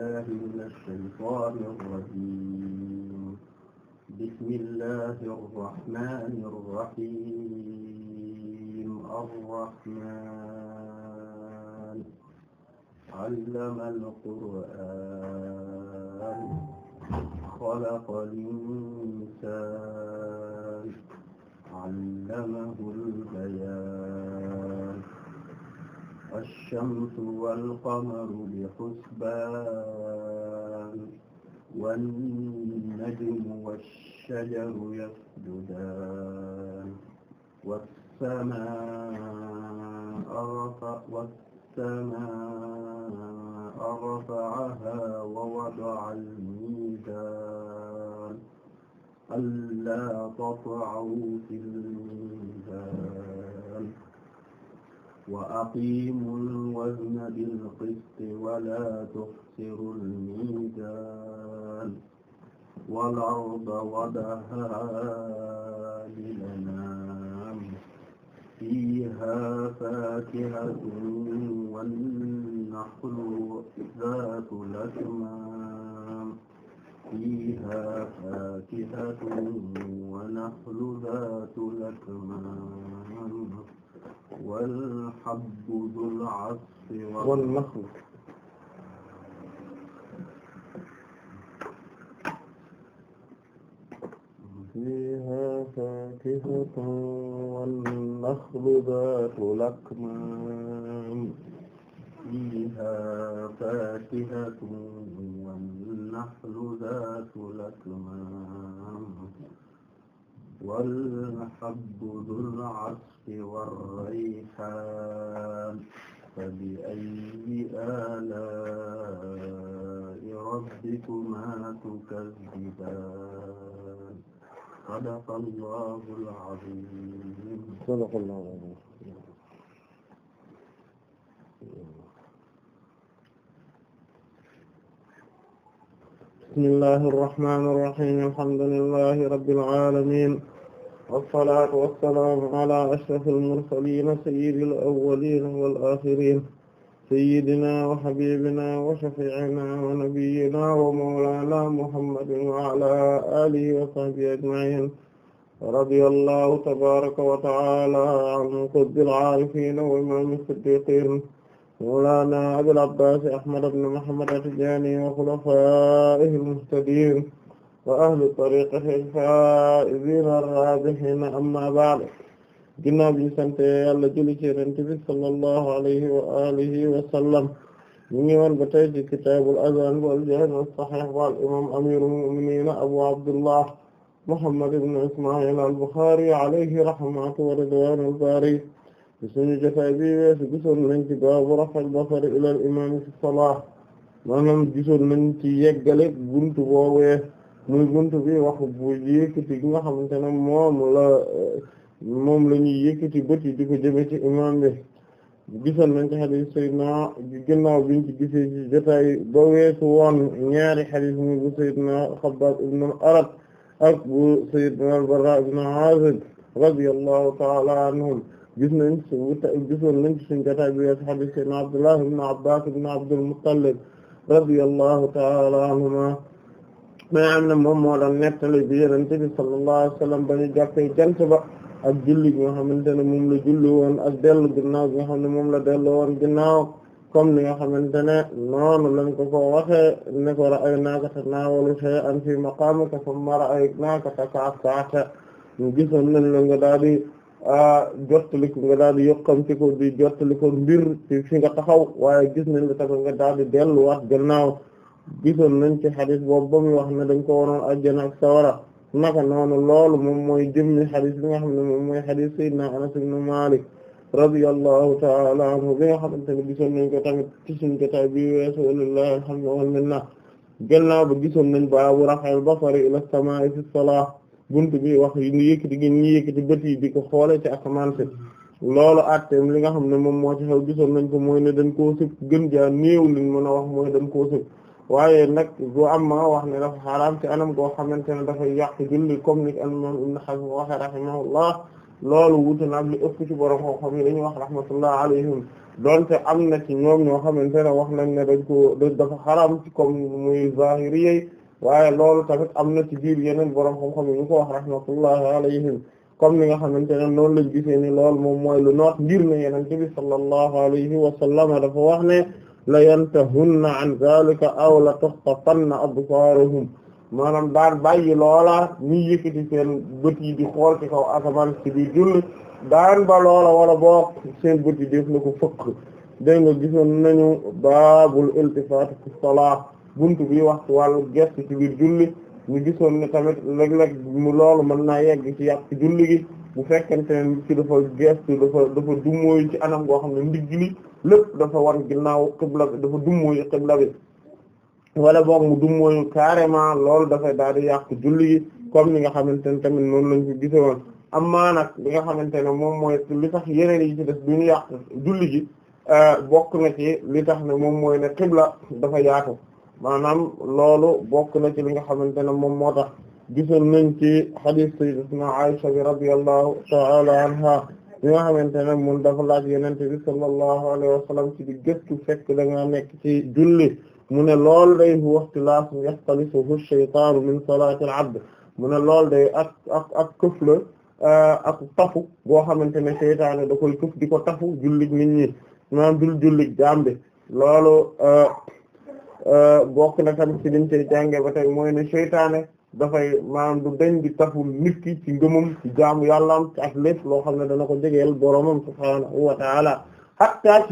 بالله من الشيطان الرجيم بسم الله الرحمن الرحيم الرحمن علم القرآن خلق الإنسان علمه البيان والشمس والقمر بحسبان والنجم والشجر يسجدان والسماء رفعها ووضع الميزان ألا تطغوا في الميزان وأقيموا الوزن بالقسط ولا تخسروا الميزان والأرض وضعها للأنام فيها فاكهة والنخل ذات الأكمام فيها فاكهة ونخل ذات الأكمام والحب ذو العصف والنخل فيها فاكهة والنخل ذات الأكمام فيها فاكهة والنخل ذات الأكمام والحب ذو العصف والريحان فبأي آلاء ربكما تكذبان صدق الله العظيم صدق الله العظيم bismillahi irrahmani irrahim alhamdulillahi rabbil alamin wassalatu wassalaamu ala ashrafil mursalin sayyidil awwalin wal akhirin sayyidina wa habibina wa shafi'ina wa nabiyyina wa mawlana muhammadin wa ala alihi wa sahbihi ajma'in radiyallahu tabaraka wa ta'ala an qutbil arifin wa imam as-siddiqin mawlana Abul Abbaas Ahmad ibn Muhammad at-Tijaani wa xulafaa'ihi al-muhtadiin wa ahli tariiqatihi al-faa'iziina ar-raabihiina amma ba'd ginnaaw bi ñu sant Yàlla julli ci Yonent bi sallallahu alayhi wa aalihi wa sallam ñu ngi woon ba tey ci kitaabul azaan wal jaami' as-sahiih wal imaam amiirul mu'miniin Abu Abdullah Muhammad ibn Ismaa'iil al-Bukhaari alayhi rahmatu wa ridwaanul baari ci suñu jotaay bi weesu gisoon nañ ci baabu raf'il basari ilal fi salaah maanaam gisoon nañ ci yeggale buntu boobee muy buntu bi wax bu yëkkati gi nga xamante ne moom la moom la ñuy yëkkati bët yi di ko jëme ci imaam bi gisoon nañ ci xadis sayyidina ginnaaw biñ ci gisee ci jotaay ba weesu woon ñaari xadis muy bu sayyidina Xabbaab ibn al-Arat bu sayyidina al-Baraa ibn Aazib radiyallahu ta'ala anhum gis nañ suñu gisoon nañ ci suñu jotaay bi weesu hadith sayyidina Abdullah ibn Abbas ibn Abdul Muttalib radiyallahu ta'ala anhuma ma am na moom moo doon nettali bi Yonent bi sallallahu alayhi wa sallam ba ñu jàppee jant ba ak julli bi nga xamante ne moom la julli woon ak dellu ginnaaw bi nga xam ne moom la dellu woon ginnaaw comme ni nga xamante ne noonu lañ ko ko waxee ne ko ra'aynaaka tanaawalu shay'an fi maqaamika thumma ra'aynaaka taka'affa'ta ñu gisoon nañ la nga daal di jottali ko nga daal di yokkamti ko di jottali ko mbir ci fi nga taxaw waaye gis nañ la tamit nga daal di delluwaat gannaaw gisoon nañ ci xadis boobu ba wax ne dañ ko waroon ajjana ak sawara naka noonu loolu moom mooy jëmmi xadis bi nga xam ne moom mooy xadis sayyidina Anas ibn Malik radiyallahu ta'ala anhu bi nga xamante ne gisoon nañ ko tamit ci suñu jotaay bi weesu walillahi alhamdu wal minna gannaaw ba gisoon nañ baabu raf'il basari ila samaa'i fi salat bunt bi wax yi ñu yëkkati gi ñu yëkkati bët yi di ko xoole ci asamaan si loolu atteem li nga xam ne moom moo ci xew gisoon nañ ko mooy ne dañ koo sib gën jaa néew liñ mën a wax mooy dañ koo sib waaye nag bu am ma wax ne dafa xaraam ci anam goo xamante ne dafa yàq julli comme ni al-imam Ibn Hazm waxe rahimahullah loolu wuute na am ëpp ci borom xam-xam yi dañuy wax rahmatullah alayhim donte am na ci ñoom ñoo xamante ne wax nañ ne dañ ko dafa xaraam ci comme muy zahiriyye waaye loolu tamit am na ci biir yeneen borom xam-xam yu ñu ko wax rahmatullahi alayhim comme ni nga xamante ne noonu lañ gisee ni loolu moom mooy lu noot ngir ne yenente bi sallallahu alayhi wa sallam dafa wax ne la yantahunna an zalika aw la tuxtafanna absaaruhum maanaam daan bàyyi loola ñi yëkkati seen bët yi di xool ci kaw asamaan ci biir julli daan ba loola wala boog seen bët yi def na ko fëkk dégg nga gisoon nañu baabul iltifaat fi salaat buntu bi wax ci wàllu gerte ci biir julli ñu gisoon ne tamit léeg-léeg mu loolu mën naa yegg ci yàq julli gi bu fekkente ne ci dafa gerte dafa dafa dummóoyu ci anam goo xam ne ndigg li lépp dafa war ginnaaw xibla bi dafa dummóoyu xibla bi wala boog mu dummóoyu carrément lool dafay daal di yàq julli gi comme ni nga xamante ne tamit noonu lañ ko gisoon amma nag li nga xamante ne moom mooy li tax yeneen yi ci def duñu yàq julli gi euh, bokk na ci li tax ne moom mooy ne xibla dafa yaatu maanaam loolu bokk na ci li nga xamante ne moom moo tax gisoon nañ ci hadith sayyidatuna Aisha bi radiyallahu ta'ala anha li nga xamante ne mun dafa laaj yenente bi sallallahu alayhi wa sallam ci di gëstu fekk da nga nekk ci julli mu ne loolu day waxtilaaf yaxtalisuhu shaytaanu min salaati al-abd mu ne loolu day ak ak ak këf la eh, ak tafu boo xamante ne seytaane da koy këf di ko tafu jullit nit ñi maanaam dul jullit jaam bi loolu eh, Euh, bokk na tamit ci liñ cey jànge ba tey mooy ne dafay maanaam du dañ di taful nit ki ci ngëmum ci jaamu yàllaam ci ak lépp loo xam ne dana ko jegeel boromam subhaanahu wa taala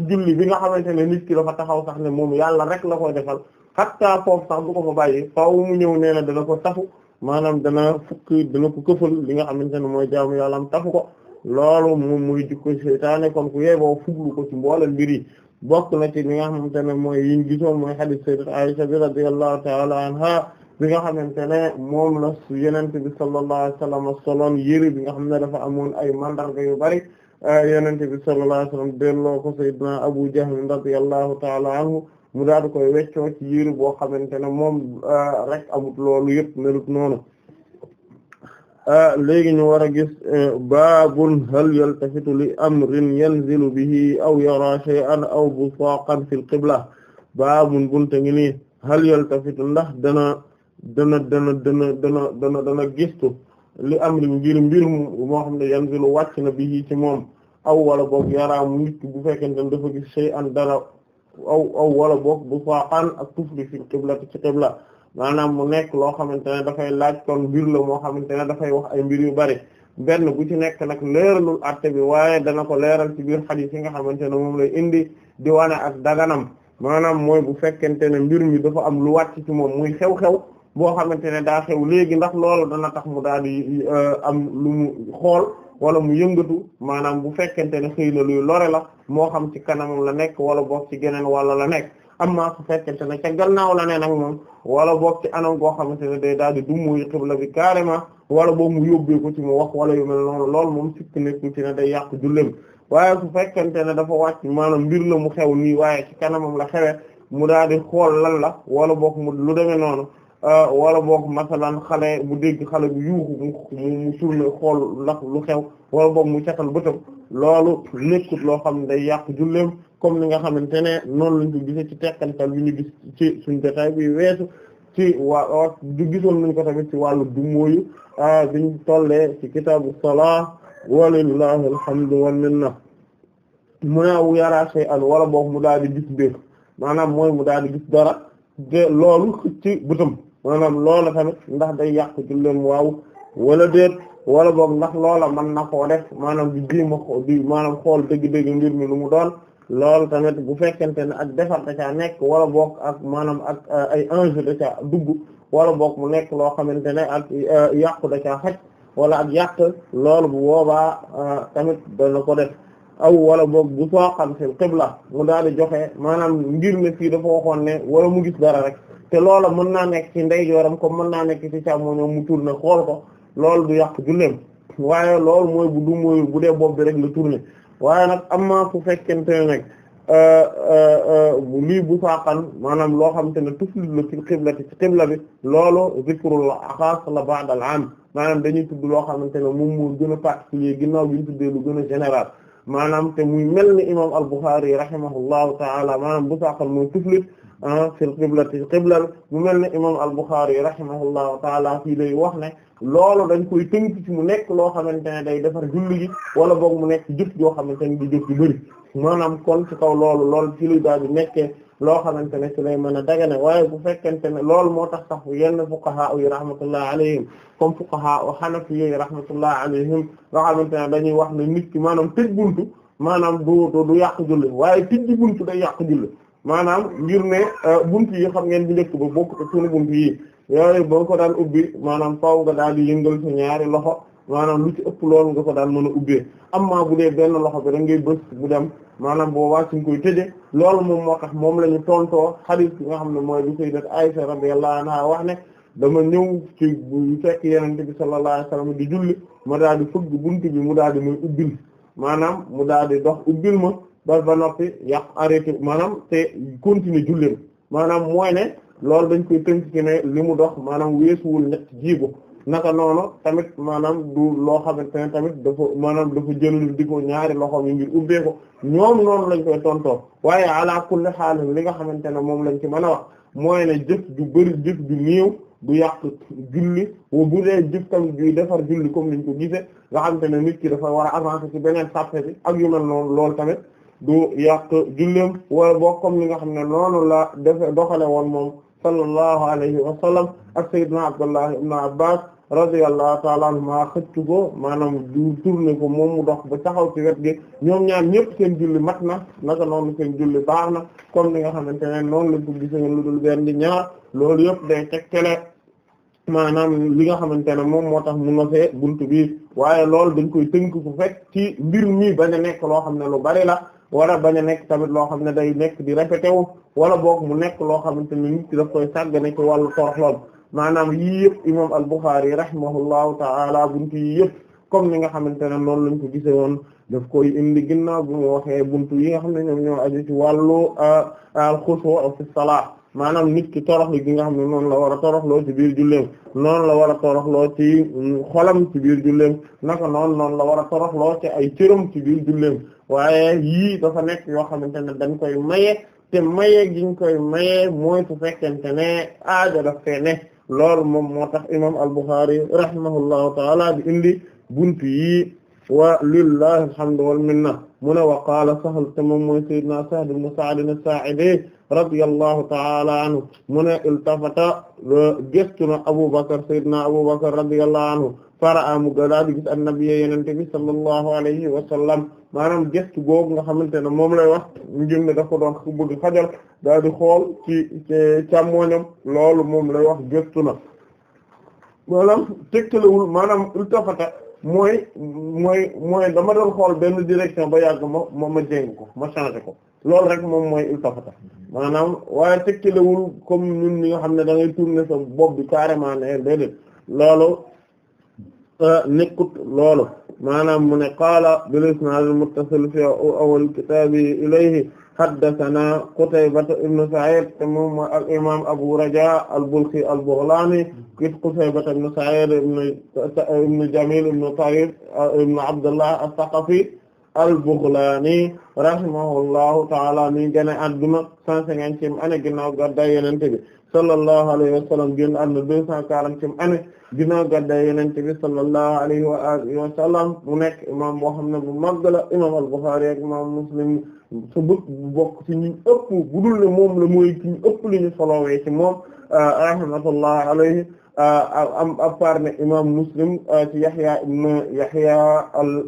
bi nga xamante ne nit ki dafa taxaw sax ne moom yàlla rek la koy defal hatta foofu ko fa bàyyi faaw mu ñëw nee na dana ko tafu maanaam dana fukki dana ko këfal li nga xamante ne mooy jaamu yàllaam tafu ko loolu moom muy jikko seytaane kon ku yeeboo fuglu ko bokk na ci li nga xamante ne mooy yiñ gisoon mooy hadith sayyidat Aisha bi radiyallahu ta'ala anha bi nga xamante ne moom la yenente bi sallallahu alayhi wasallam soloon yëri bi nga xam ne dafa amoon ay mandarga yu bari euh, yenente bi sallallahu alayhi wasallam delloo ko sayyidina Abu Jahl radiyallahu ta'ala anhu mu daal di koy weccoo ci yëri boo xamante ne moom euh, rek amut loolu yëpp melut noonu Ah, léegi ñu war a gis eh, baabun hal yaltafitu li amrin yanzilu bihi aw yara shay'an aw busaqan fil qibla baabun bunte ngi nii hal yaltafitu ndax dana dana dana dana dana dana dana gistu li amrin ngir mbir moo xam ne yanzilu wàcc na bihi ci moom aw wala boog mu nit bu fekkente ne dafa gis shay'an an aw aw wala boog busaqan ak tufli fil ci qibla maanaam mu nekk loo xamante ne dafay laaj kon mbir la moo xamante ne dafay wax ay mbir yu bari benn bu ci nekk nag leeralul atte bi waaye dana ko leeral ci biir xadiis yi nga xamante ne moom lay indi di wane ak daganam maanaam mooy bu fekkente ne mbir mi dafa am lu wàcc ci moom muy xew-xew boo xamante ne daa xew léegi ndax loolu dana tax mu daal di euh, am lu mu xool wala mu yëngatu maanaam bu fekkente ne xëy na luy lore la moo xam ci kanamam la nekk wala boog ci geneen wala la nekk amma su fekkente ne ca gannaaw la ne nag moom wala book ci anam goo xamante ne day daal di dummuy xibla bi carrément wala boog mu yóbbee ko ci mu wax wala yu mel noonu loolu moom sikk nekku ci ne day yàq jullem waaye su fekkente ne dafa wàcc maanaam mbir la mu xew nii waaye ci kanamam la xewee mu daal di xool lan la wala boog mu lu demee noonu euh, wala boog masalan xale mu dégg xale bu yuuxu mu mu tourné xool la lu xew wala book mu catal bëtam loolu nekkut loo xam ne day yàq julleem comme ni nga xamante ne noonu lañ ko ci tekkantal bi ñu gis ci suñu détail bi weesu ci waa gisoon nañ ko tamit ci wàllu dumóoyu biñ tollee ci kitaabu salaa walillahi alhamdu wal minna mu ne aw yara shay'an wala boog mu daal di gis mbir maanaam mooy mu daal di gis dara de loolu ci bëtam maanaam loola tamit ndax day yàq julleem waaw wala déet wala boog ndax loola man na koo def maanaam di jéem a di maanaam xool dëgg-dëgg ngir mi lu mu doon loolu tamit bu fekkente ne ak defar da caa nekk wala bokk ak maanaam ak euh, ay enjeu da caa dugg wala bokk mu nekk loo xamante ne ak euh, yàqu da caa xaj wala ak yàq loolu bu boobaa euh, tamit dana ko def aw wala book bu sooxam seen xibla mu daal di joxe maanaam ngir ne fii dafa waxoon ne wala mu gis dara rek te loola mën naa nekk ci ndeyjooram comme mën naa nekk ci càmmoñam mu tourné xool ko lool du yàq julleem waaye loolu mooy bu du mooy bu dee bopp bi rek la tourné waaye nag amma su fekkente ne nag euh, euh, euh, lii bu saaxan maanaam loo xamante ne tuflit la ci xiblati ci xibla bi loolu zikrul xaas la ba'd al am maanaam dañuy tudd loo xamante ne mu moo gën a particulier ginnaaw bi ñu tuddee lu gën a général maanaam te muy mel ni imam al Bukhari rahimahullahu taala maanaam bu saaxan mooy tuflit Ah, fil qiblati qiblal mu mel ne imam al-Bukhari rahimahullahu taala fii lay wax ne loolu dañ koy tënk mu nekk loo xamante ne day defar julli gi wala boog mu nekk jëf yoo xamante ne di jëf yu bëri maanaam kon ci kaw lool lool ci luy daal di nekkee loo xamante ne ci lay mën a dagane waaye bu fekkente ne loolu moo tax sax yenn fuqaha yi rahmatullah alayhim comme fuqaha u hanafi yi rahmatullah alayhim nga xamante ne dañuy wax ne nit ki maanaam tëj buntu maanaam du du yàq julli waaye tijji buntu day yàq maanaam ngir ne euh, buntu yi xam ngeen bu njëkk ba bokkut ak sunu buntu yi yooyu boo ko daal ubbi maanaam faaw nga daal di yëngal sa ñaari loxo maanaam lu ci ëpp loolu nga ko daal mën a ubbee amma bu dee benn loxo bi da ngay bës bu dem maanaam boobaa suñ koy tëje loolu moom moo tax moom la ñu tontoo hadith bi nga xam ne mooy bi sayyidat Aisha radiyallahu anha wax ne dama ñëw ci fekk yenente bi sallallahu alayhi wasallam di julli ma daal di fëgg buntu bi mu daal di muy ubbil maanaam mu daal di dox ubbil ma ba ba noppi yàq arrêté maanaam te continuer julleem maanaam mooy ne loolu dañ koy tënk ci ne li mu dox maanaam weesuwul ñett jiibu naka noonu tamit maanaam du loo xamante ne tamit dafa maanaam dafa jëlul di ko ñaari loxo mi ngir ubbee ko ñoom noonu lañ koy tontoo waaye ala kulli xaal li nga xamante ne moom lañ ki mën a wax mooy ne jëf ju bari jëf ju néew du yàq julli wa bu dee jëf tamit juy defar julli comme niñ ko gisee nga xamante ne nit ki dafa war a avancer ci beneen sàppe bi ak yu noonu loolu tamit du yaq julleem wala bokk comme li nga xam ne noonu la defe doxale woon moom sallallahu alayhi wa sallam ak sayyidna Abdullah ibn Abbas radiyallahu ta'ala anhuma xëcc ko maanaam du tourné ko moom mu dox ba taxaw ci wet gi ñoom ñaar ñëpp seen julli mat na naka noonu seen julli baax na comme ni nga xamante ne noonu lañ ko gisee lu dul benn di ñaar loolu yëpp day tegtale maanaam li nga xamante ne moom moo tax mu nosee buntu bi waaye loolu dañ koy tënk fu fekk ci mbir mi bañ nekk loo xam ne lu bari la wala bañ a nekk tamit loo xam ne day nekk di répété wu wala book mu nekk loo xamante ne nit ki daf koy sàggane ci wàllu toroxlool maanaam yii yëpp imam al-Bukhari rahimahullahu ta'ala buntu yii yëpp comme ni nga xamante ne noonu lañ ko gisee woon daf koy indi ginnaaw bu mu waxee buntu yi nga xam ne ñoom ñoo aju ci wàllu ah, al-khushu' fi salat maanaam nit ki toroxlu gi nga xam ne noonu la war a toroxloo ci biir julleem noonu la war a toroxloo ci xolam ci biir julleem naka noonu noonu la war a toroxloo ci ay cëram ci biir julleem waaye yii dafa nekk yoo xamante ne dañ koy maye te maye giñ koy maye mooy su fekkente ne aajo daf fee ne loolu moom moo tax imam al-Bukhari rahimahullahu taala bi indi buntu yii wa lillahi alhamdu wal minna mu ne wa qaala Sahl te moom mooy sayyidina Sahl ibn Sa'd as-Sa'idi radiyallahu ta'ala anhu mu ne iltafata gestu na Abubakar sayyidina Abubakar radiyallahu anhu fara'a mu gëdaa di gis annabi yenente bi sallallahu alayhi wa sallam maanaam gestu googu nga xamante ne moom lay wax ngir ne dafa doon bëgg xajal daal di xool ci càmmoñam loolu moom lay wax gestu na maanaam tegtalewul maanaam mooy mooy mooy dama doon xool benn direction ba yàgg ma ma ma jéng ko ma changé ko loolu rek moom mooy iltafata maanaam waaye tekkilawul comme ñun ñi nga xam ne da ngay tourner sa bopp bi carrément ne déedéet loolu euh, nekkut loolu maanaam mu ne qaala bil isnaad al muttasil fi awwal kitaabi ilayhi haddathana Qutaybata ibn Sa'id moom al imaam Abu Raja al-Balkhi al-Baghlani Qutaybata ibn Sa'id ibn Jamil ibn Tarif ibn Abdullah al-Thaqafi al-Baghlani rahimahullahu ta'ala mi génn àdduna 150e année ginnaaw gàddaay Yonent bi sallallahu alayhi wa sallam génn àdduna 240e année ginnaaw gàddaay Yonent bi sallallahu alayhi wa alihi wa sallam mu nekk imaam boo xam ne bu mag la imaam al-Bukhari ak imaam Muslim su bët bokk ci ñu ëpp bu dul ne moom la mooy ci ñu ëpp li ñu solowee ci moom euh, rahmatullah alayhi euh, am à part ne imam Muslim euh, ci Yahya ibn Yahya al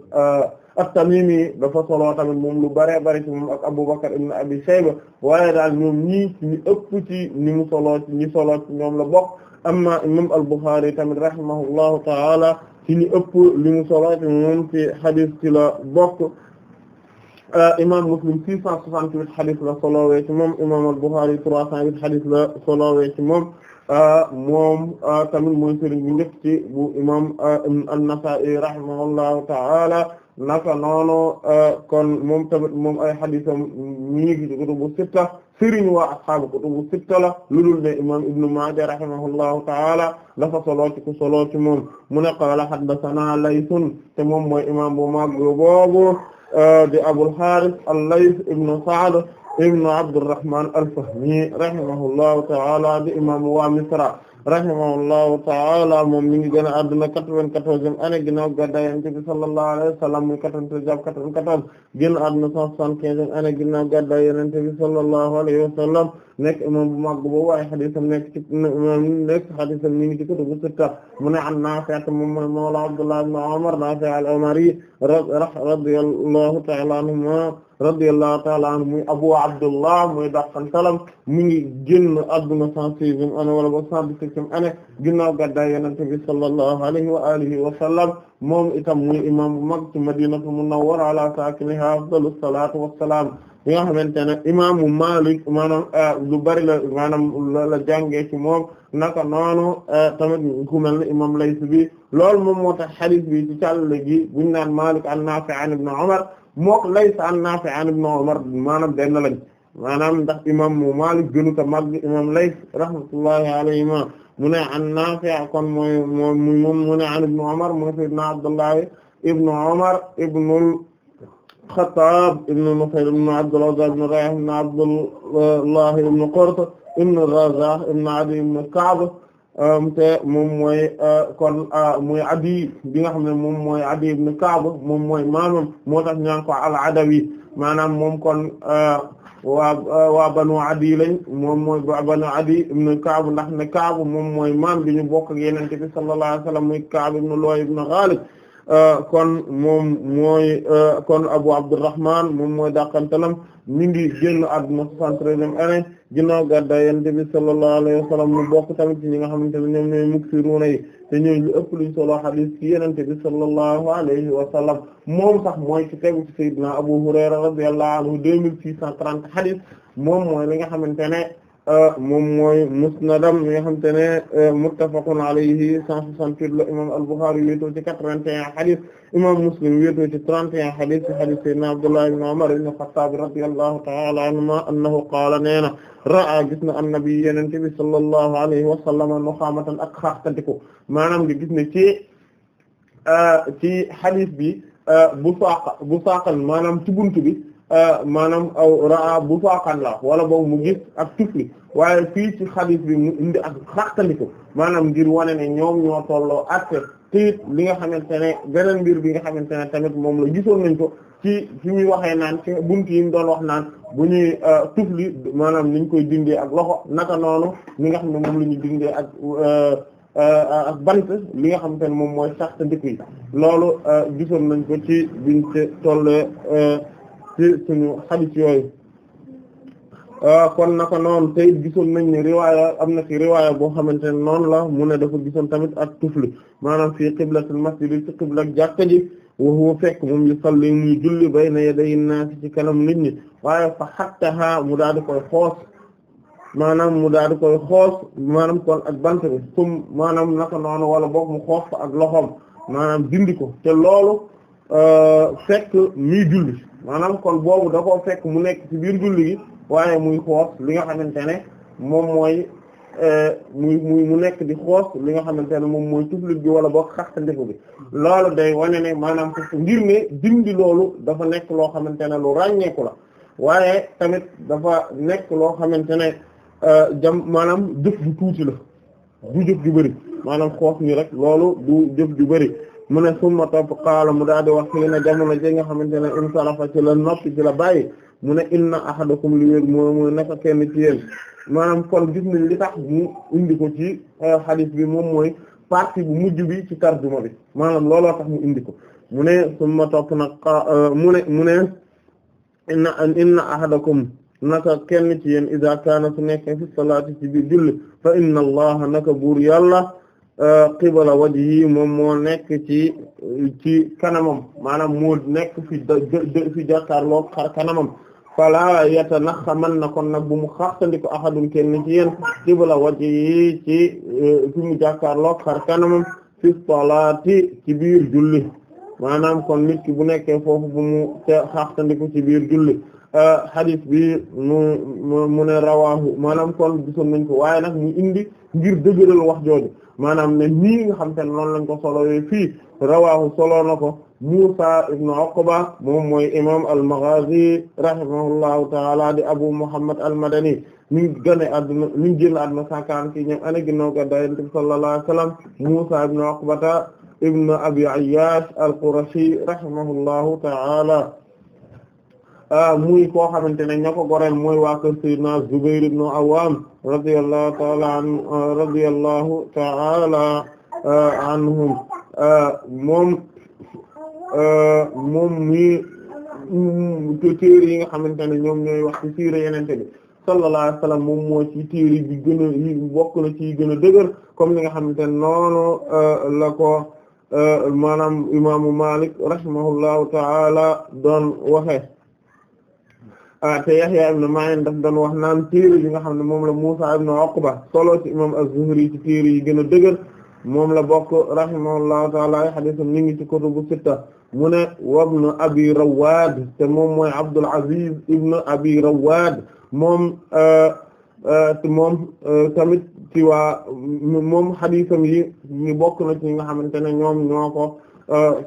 at-Tamimi dafa solo tamit moom lu bare bare ci moom ak Abu Bakr ibn Abi Shayba waaye daal ñoom ñii ci ñu ëpp ci ni mu solo ci ñi solo ci ñoom la bokk amma imam al-Bukhari tamit rahimahullahu ta'ala ci ñu ëpp li mu solo ci moom ci hadith ci la bokk Euh, imam Muslim 668 xadis la solowee ci moom imam al-Bukhari 308 xadis la solowee ci moom euh, moom euh, tamit mooy sëriñ bu njëkk ci bu imam an-Nasa'i rahimahullahu ta'ala naka noonu kon moom tamit moom ay xadisam ñi ngi ci kutubu sitta sëriñ waa ashaabu kutubu sitta la lulul ne imam ibnu Maaja rahimahullahu ta'ala dafa solo ci ku solo ci moom mu ne qaala haddathana Laythun te moom mooy imam bu mag boobu Euh, di Abul Haaris al-Layth ibn Sa'd ibn Abdurrahman al-Fahmi rahimahullahu ta'ala di imaamu waa Misra rahimahullahu ta'ala moom mi ngi gën a adduna quatre-vingt-quatorzième année ginnaaw gàddaay Yonent bi sallallahu alayhi wa sallam muy quatre-vingt-treize jàpp quatre-vingt-quatorze génn adduna cent soixante-quinzième année ginnaaw gàddaay Yonent bi sallallahu alayhi wa sallam nekk imam bu mag boobu waaye xadisam nekk ci nekk xadisam mi ngi ci kutubu sitta mu ne an Naafi' moom mooy mawla Abdullah ibn Umar Naafi' al-Umari radiyallahu ta'ala anhuma radiyallahu ta'ala anhu muy Abu Abdullah muy dàqantalam mi ngi génn adduna cent seizième année wala ba cent dix-septième année ginnaaw gàddaay Yonent bi sallallahu alayhi wa alihi wa sallam moom itam muy imam bu mag ci Madinatu Munawwara ala saakinihaa afdalu salaatu wassalaam mi nga xamante ne imaamu Malik maanaam eh, lu bari la maanaam la jàngee ci moom naka noonu eh, tamit ku mel ne imam Layth bi loolu moom moo tax hadith bi ci càll gi buñ naan Malik an Nafi' an Ibn Umar mook Layth an Naafi an ibn Umar maanaam benn lañ maanaam ndax imam Maalik gënu ko mag imam Layth rahmatullahi alayhima mu ne an Naafi kon mooy moom mu ne an ibn Umar mu sayyidina Abdullahi ibn Umar ibnul Xattaab ibn Nufayl ibn Abdul Uzza ibn Rayh ibn Abdullah ibn Qurt ibn Razzaq ibn Adi ibn Ka'b te moom mooy euh, kon euh, mooy Adi bi nga xam ne moom mooy Adi ibn Ka'b moom mooy maamam moo tax ñaan ko al-Adawi maanaam moom kon euh, waa waa banu Adi lañ moom mooy banu Adi ibn Ka'b ndax ne Ka'b moom mooy maam bi ñu bokk ak Yonent bi sallallahu alayhi wa mooy Ka'b ibn Lu'ay ibn Ghalib Euh, kon moom mooy euh, kon Abu Abdurrahman moom mooy dàqantalam mi ngi génn àdduna 73e année ginnaaw gàddaay Yonent bi sallallahu alayhi wa sallam mu bokk tamit ci ñi nga xamante ne ñoom ñooy muksiruuna yi te ñooy lu ëpp luñ solo hadiis ci Yonent bi sallallahu alayhi wa sallam moom sax mooy ci tegu ci Sayyidina Abu Hurayra radiyallahu anhu 2630 hadiis moom mooy li nga xamante ne. Euh, moom mooy musnadam mi nga xam te ne euh, muttafaqun alayhi cent soixante-huit la imam al-Bukhari wéetoo ci quatre-vingt-un hadith imam Muslim wéetoo ci trente et un hadith ci hadith sayyidina Abdullah ibn Umar ibn Khattab radiyallahu ta'ala anhuma annahu qaala nee na ra'a gis na annabi yenente bi sallallahu alayhi wa sallam nuxaamatan ak xaaxtandiko maanaam nga gis ne ci euh, ci hadith bi bu saaqa bu saaqan maanaam ci buntu bi Euh, maanaam aw bu faaqan la wala boog mu gis ak tufli waaye fii ci xadiis bi mu indi ak xaxtandiko maanaam ngir wane ne ñoom ñoo tolloo atte te li nga xamante ne beneen ngir bi nga xamante ne tamit moom la gisoon nañ ko ci fi muy waxee naan ci yi mu doon wax bu ñuy euh, tufli maanaam niñ koy dindee ak loxo naka noonu li nga xam ne la ñuy dindee ak euh, ak bant li nga xamante ne moom mooy saxtandiko yi loolu gisoon nañ ko ci biñ ci tollee ci suñu xadis ah, kon naka noonu tey gisoon nañ ne riwaaya am na ci riwaaya boo xamante ne noonu la mun ne dafa gisoon tamit ak tufli maanaam fii qiblatul masjid ci qibla jàkka ji wa huwa fekk moom yusalli muy julli bayna yaday naas ci kanam nit ñi waaye fa hattaha mu daal di koy xoos maanaam mu daal di koy xoos maanaam kon ak bant bi sum maanaam naka noonu wala boog mu xoos fa ak loxoom maanaam dindi ko te loolu ah, fekk muy julli maanaam kon boobu da koo fekk mu nekk ci biir julli gi waaye muy xoos li nga xamante ne moom mooy euh, mu nekk di xoos li nga xamante ne moom mooy tuflit bi wala boog xaxta ndefu bi loolu day wane ne maanaam ngir ne dindi loolu dafa nekk loo xamante ne lu ràññeeku la waaye tamit dafa nekk loo xamante ne euh, jam maanaam jëf ju tuuti la du jëf ju bari maanaam xoos ni rek loolu du jëf ju bari mu ne summa topp qaala mu daal di wax xii na jamono ji nga xamante ne insalafa ci la noppi ci la bàyyi mu ne inna ahadakum li wéeg moo mooy naka kenn ci yéen maanaam kon gis nañ li tax mu indi ko ci xadis euh, bi moom mooy parti bu mujj bi ci tarjuma bi maanaam looloo tax mu indi ko mu ne summa topp nag euh, mu mu ne inna inna ahadakum naka kenn ci yéen iza kaana su nekk fi salaati ci biir julli fa inna allaha naka buur yàlla qibla wajhi moom moo nekk ci ci kanamam maanaam moo nekk fi fi jàkkaarloo xar kanamam man na kon nag bu mu xaxtandiko ahadun kenn ci yéen qibla wajhi ci e, fi mu jàkkaarloo xar kanamam fi salaati ci biir julli maanaam kon nit ki bu nekkee foofu bu mu xaxtandiko ci biir julli hadith e, bi mu mu ne rawaahu maanaam kon gisoon nañ ko waaye nag mu indi ngir dëgëral wax jooju maanaam ne nii nga xam te ne noonu lañ ko solowee fii rawaahu soloo na ko Musa ibn Uqba moom mooy imam al-Maghazi rahimahullahu taala di Abu Muhammad al-Madani mi gane adduna mi ngi génn adduna cent quarante yi ñoom ané ginnaaw ibn Uqbata ibn Abi Ayyash al-Qurashi rahimahullahu taala Ah, muy koo xamante ne ña ko goreel mooy waa kër sayyidina Zubayr ibn Awwam ta'ala anhu radiyallahu ta'ala ah, ah, anhum moom moom mii mm, téere yi nga xamante ne ñoom ñooy wax ci siira yenente bi sallallahu alayhi wa sallam moom moo ci téere bi gën yi bokk na ci gën a dëgër comme li nga xamante ne noonu la ko maanaam imaamu Maalik rahimahullahu ta'ala doon waxe Ah, te Yahya ibn Ma'in daf doon wax naan téere yi nga xam ne moom la Musa ibn Uqba solo ci imam Az-Zuhri ci téere yi gën a dëgër moom la bokk rahimahullahu ta'ala ay haditham ni ngi ci kutubu sitta mu ne wabnu Abi Rawwad te moom mooy Abdul Aziz ibn Abi Rawwad moom ah, ah, moom tamit ci waa moom haditham yi bokk na ci ñi nga xamante ne ñoom ñoo ko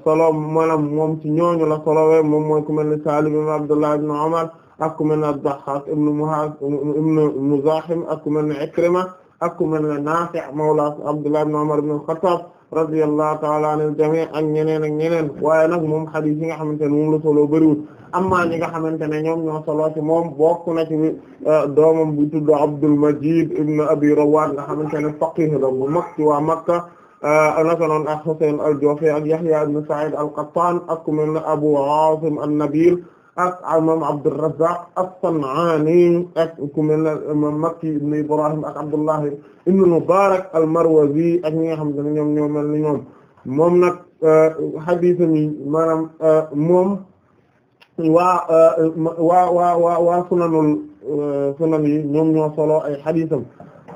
solo moom ci ñooñu la solowee moom mooy ku mel ne ibn Abdullah ibn Umar ak ku mel ne ad-Dahhaak ibn Muhaaz ibn Muzaahim ak ku mel ne Ikrima ak ku mel ne Naafi' mawla Abdullah ibn Umar ibn al-Khattaab radiyallahu ta'ala anil jamii' ak ñeneen ak ñeneen waaye nag moom hadiis yi nga xamante ne moom la solo bëriwul amma ñi nga xamante ne ñoom ñoo solo ci moom bokk na ci eh, doomam bu tudd Abdul Majid ibn Abi Rawwaad nga xamante ne faqih la bu mag ci waa Makka eh, naka noonu ak Husayn al-Ju'fi ak Yahya ibn Sa'id al-Qattaan ak ku mel ne Abu Aasim an-Nabil ak imam Abdurrazzaq as-San'ani ak ku mel ne imam Makki ibn Ibrahim ak Abdullah ibn Mubarak al-Marwazi ak ñi nga xam ne ñoom ñoo mel ni ñoom moom nag xadiisam euh, yi maanaam euh, moom waa euh, waa waa waa waa sunanul sunan yi ñoom ñoo solo ay xadiisam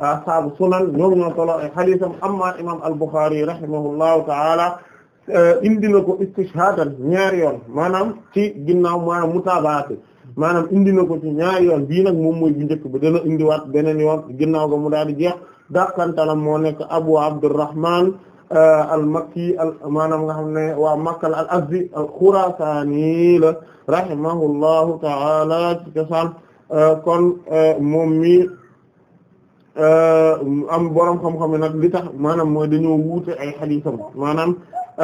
ashaabu sunan ñoom ñoo solo ay xadiisam amma imam al-Bukhari rahimahullahu ta'ala Euh, indi na ko istishhadan ñaari yoon maanaam ci ginnaaw maanaam mutaabaat maanaam indi na ko ci ñaari yoon bii nag moom mooy bu njëkk ba dana indiwaat beneen yoon ginnaw ko mu daal di jeex dàqantalam moo nekk Abu Abdurrahman euh, al makki al maanaam nga xam ne waa Makka al azdi al xurasaani la rahimahullahu ta'ala ci cosaan euh, kon moom Euh, am borom xam-xam nag li tax maanaam mooy ñëw wuute ay xadiisam maanaam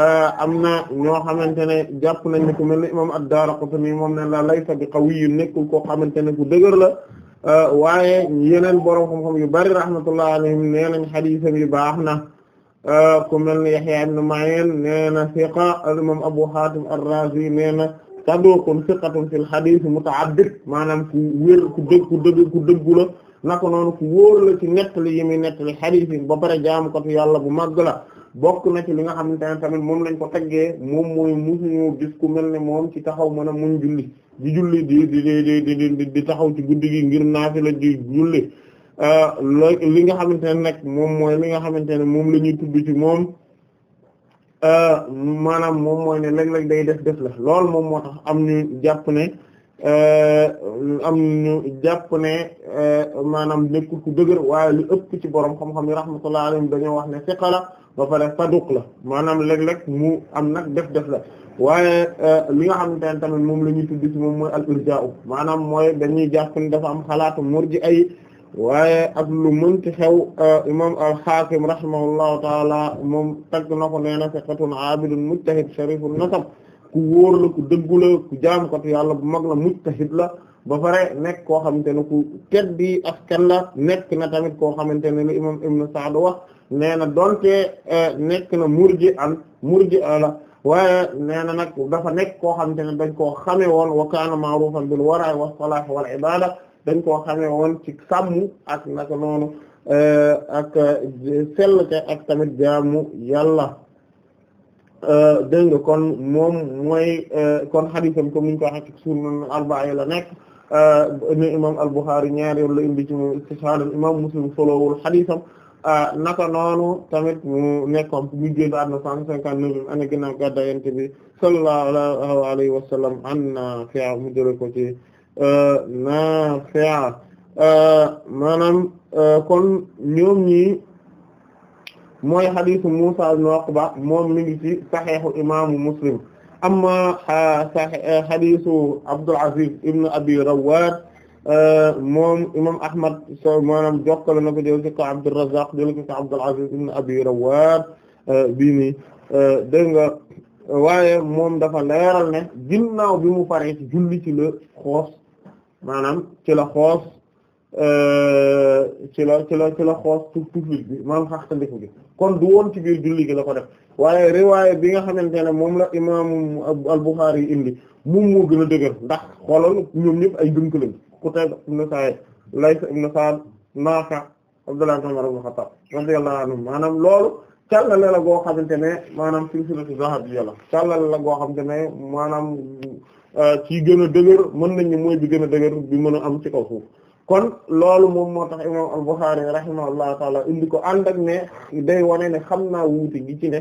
euh, am na ñoo xamante ne jàpp nañ ne ku mel ne imam ad-Daraqutni moom na la laysa bi qawiyyin nekkul koo xamante ne ku dëgër la euh, waaye yeneen borom xam-xam yu bari rahmatullahi alayhim nee nañ xadiisam yu baax na ku mel ne Yahya ibn Ma'in nee na thiqa al-imam Abu Hatim ar-Razi nee na saduqun thiqatun fil hadith muta'addid maanaam ku wér ku dëgg ku dëggu la naka noonu ku wóor la ci nettali yi muy nettali xadiis yi ba pare jaamu ko yàlla bu màgg la bokk na ci li nga xam ne tamit moom lañ ko teggee moom mooy musuñu gis ku mel ne moom ci taxaw mën a muñ julli di julli di di di di di taxaw ci guddi gi ngir naafila di julli euh, li nga xamante ne nag moom mooy li nga xamante ne moom la ñuy tudd ci moom euh, maanaam moom mooy ne léeg-léeg day def def la lool moom moo tax am ñu jàpp ne. Euh, am ñu jàpp ne euh, maanaam nekkul ku dëgër waaye lu ëpp ci borom xam-xam yi rahmatullahi alayhim dañoo wax ne siqa la ba pare saduq la maanaam léeg-léeg mu am nag def-def la waaye euh, li nga xamante tamit moom la ñuy tudd ci moom mooy al irjaa'u maanaam mooy dañuy jàpp ne dafa am xalaatu murji ay waaye ak lu mënti xew imam al-Hakim rahimahullahu taala moom tagg na ko nee na siqatun aabidun mujtahid sharifun nasab ku wóor la ku dëggu la ku jaamukatu yàlla bu mag la mujtahid la ba pare nekk koo xamante ne ku teddi askan la nekk na tamit koo xamante ne li imam ibn Sa'd wax nee na donte eh, nekk na murji an murji ala waaye nee na nag dafa nekk koo xamante ne dañ ko xamee woon wa kaana ma'rufan bil wara wa salah wal ibada dañ koo xamee woon ci sàmm ak naka noonu eh, ak eh, sell ak tamit jaamu yàlla Euh, dégg nga kon moom mooy euh, kon xadisam comme niñ ko waxee ci sunan arba'a la nekk euh, ne imam al-Bukhari ñaari yoon la indi ci moom istishhad imam Muslim naka noonu tamit mu nekkoon mu génn àdduna cent cinquante-neuf année ginnaaw gàddaay Yonent bi sallallahu alayhi wa sallam an Naafi' mu jëlee ko ci Naafi' maanaam kon ñoom ñi mooy xadiisu Muusaa ibn Uqba moom mi ngi ci saxiixu imaamu Muslim amma eh, xadiisu Abdul Aziz ibn Abi Rawwaad eh, moom imaam Ahmad so maanaam jokkale na ko jël ci ko Abdur Razzaq jël ko Abdul Aziz ibn Abi Rawwaad eh, bii nii dégg nga waaye moom dafa leeral ne ginnaaw bi mu paree ci julli ci la xoos maanaam ci la xoos Euh, ci la ci la ci la xoos tu tuflit bi maanaam xaxtandiku gi kon du woon ci biir julli gi la ko def waaye riwaaya bi nga xamante ne moom la imaamu al-Bukhari yi indi moom moo gën a dëgër ndax xoolal ñoom ñëpp ay gëm këlam Qutayba ibn Sa'id Layth ibn Sa'd Nafi' Abdullah ibn Umar ibn Khattab radiyallahu maanaam loolu càllale la goo xamante ne maanaam silsilatu zahabiyya la càllale la goo xamante ne maanaam euh, ci gën a dëgër mën nañ ne mooy bi gën a dëgër bi mën a am ci kaw suuf kon loolu moom moo tax imam al-Bukhârî rahimahullahu taala indi ko ànd ak day wane ne xam naa wuute gi ci ne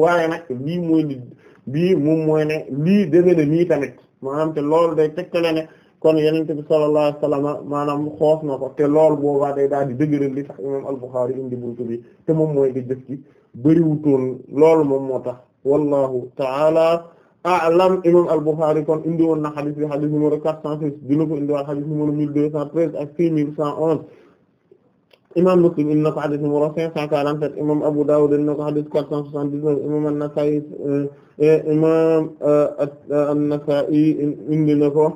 waaye nag lii mooy li bii moom mooy ne lii de na nii tamit maanaam te loolu day tegtale ne kon yenente bi sallallahu alayhi wasallam maanaam xoos na ko te lool boobaa day daal di dëgëral li tax imam al-Bukhârî indi buntu bi te moom mooy di jëf ci bëriwutoon loolu moom moo tax wallahu taala ah lam imam al-Bukhari kon indi woon na xadis bi xadis numéro 406 dina ko indi waa xadis numéro 1213 ak 6111 imam Muslim indi na ko xadis numéro 547 imam Abu Dawud indi ko xadis 479 imam an-Nasa'i eh, eh, imam eh, an-Nasa'i indi na ko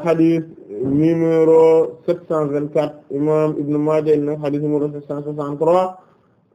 xadis numéro 724 imam Ibn Majah indi na ko xadis numéro 763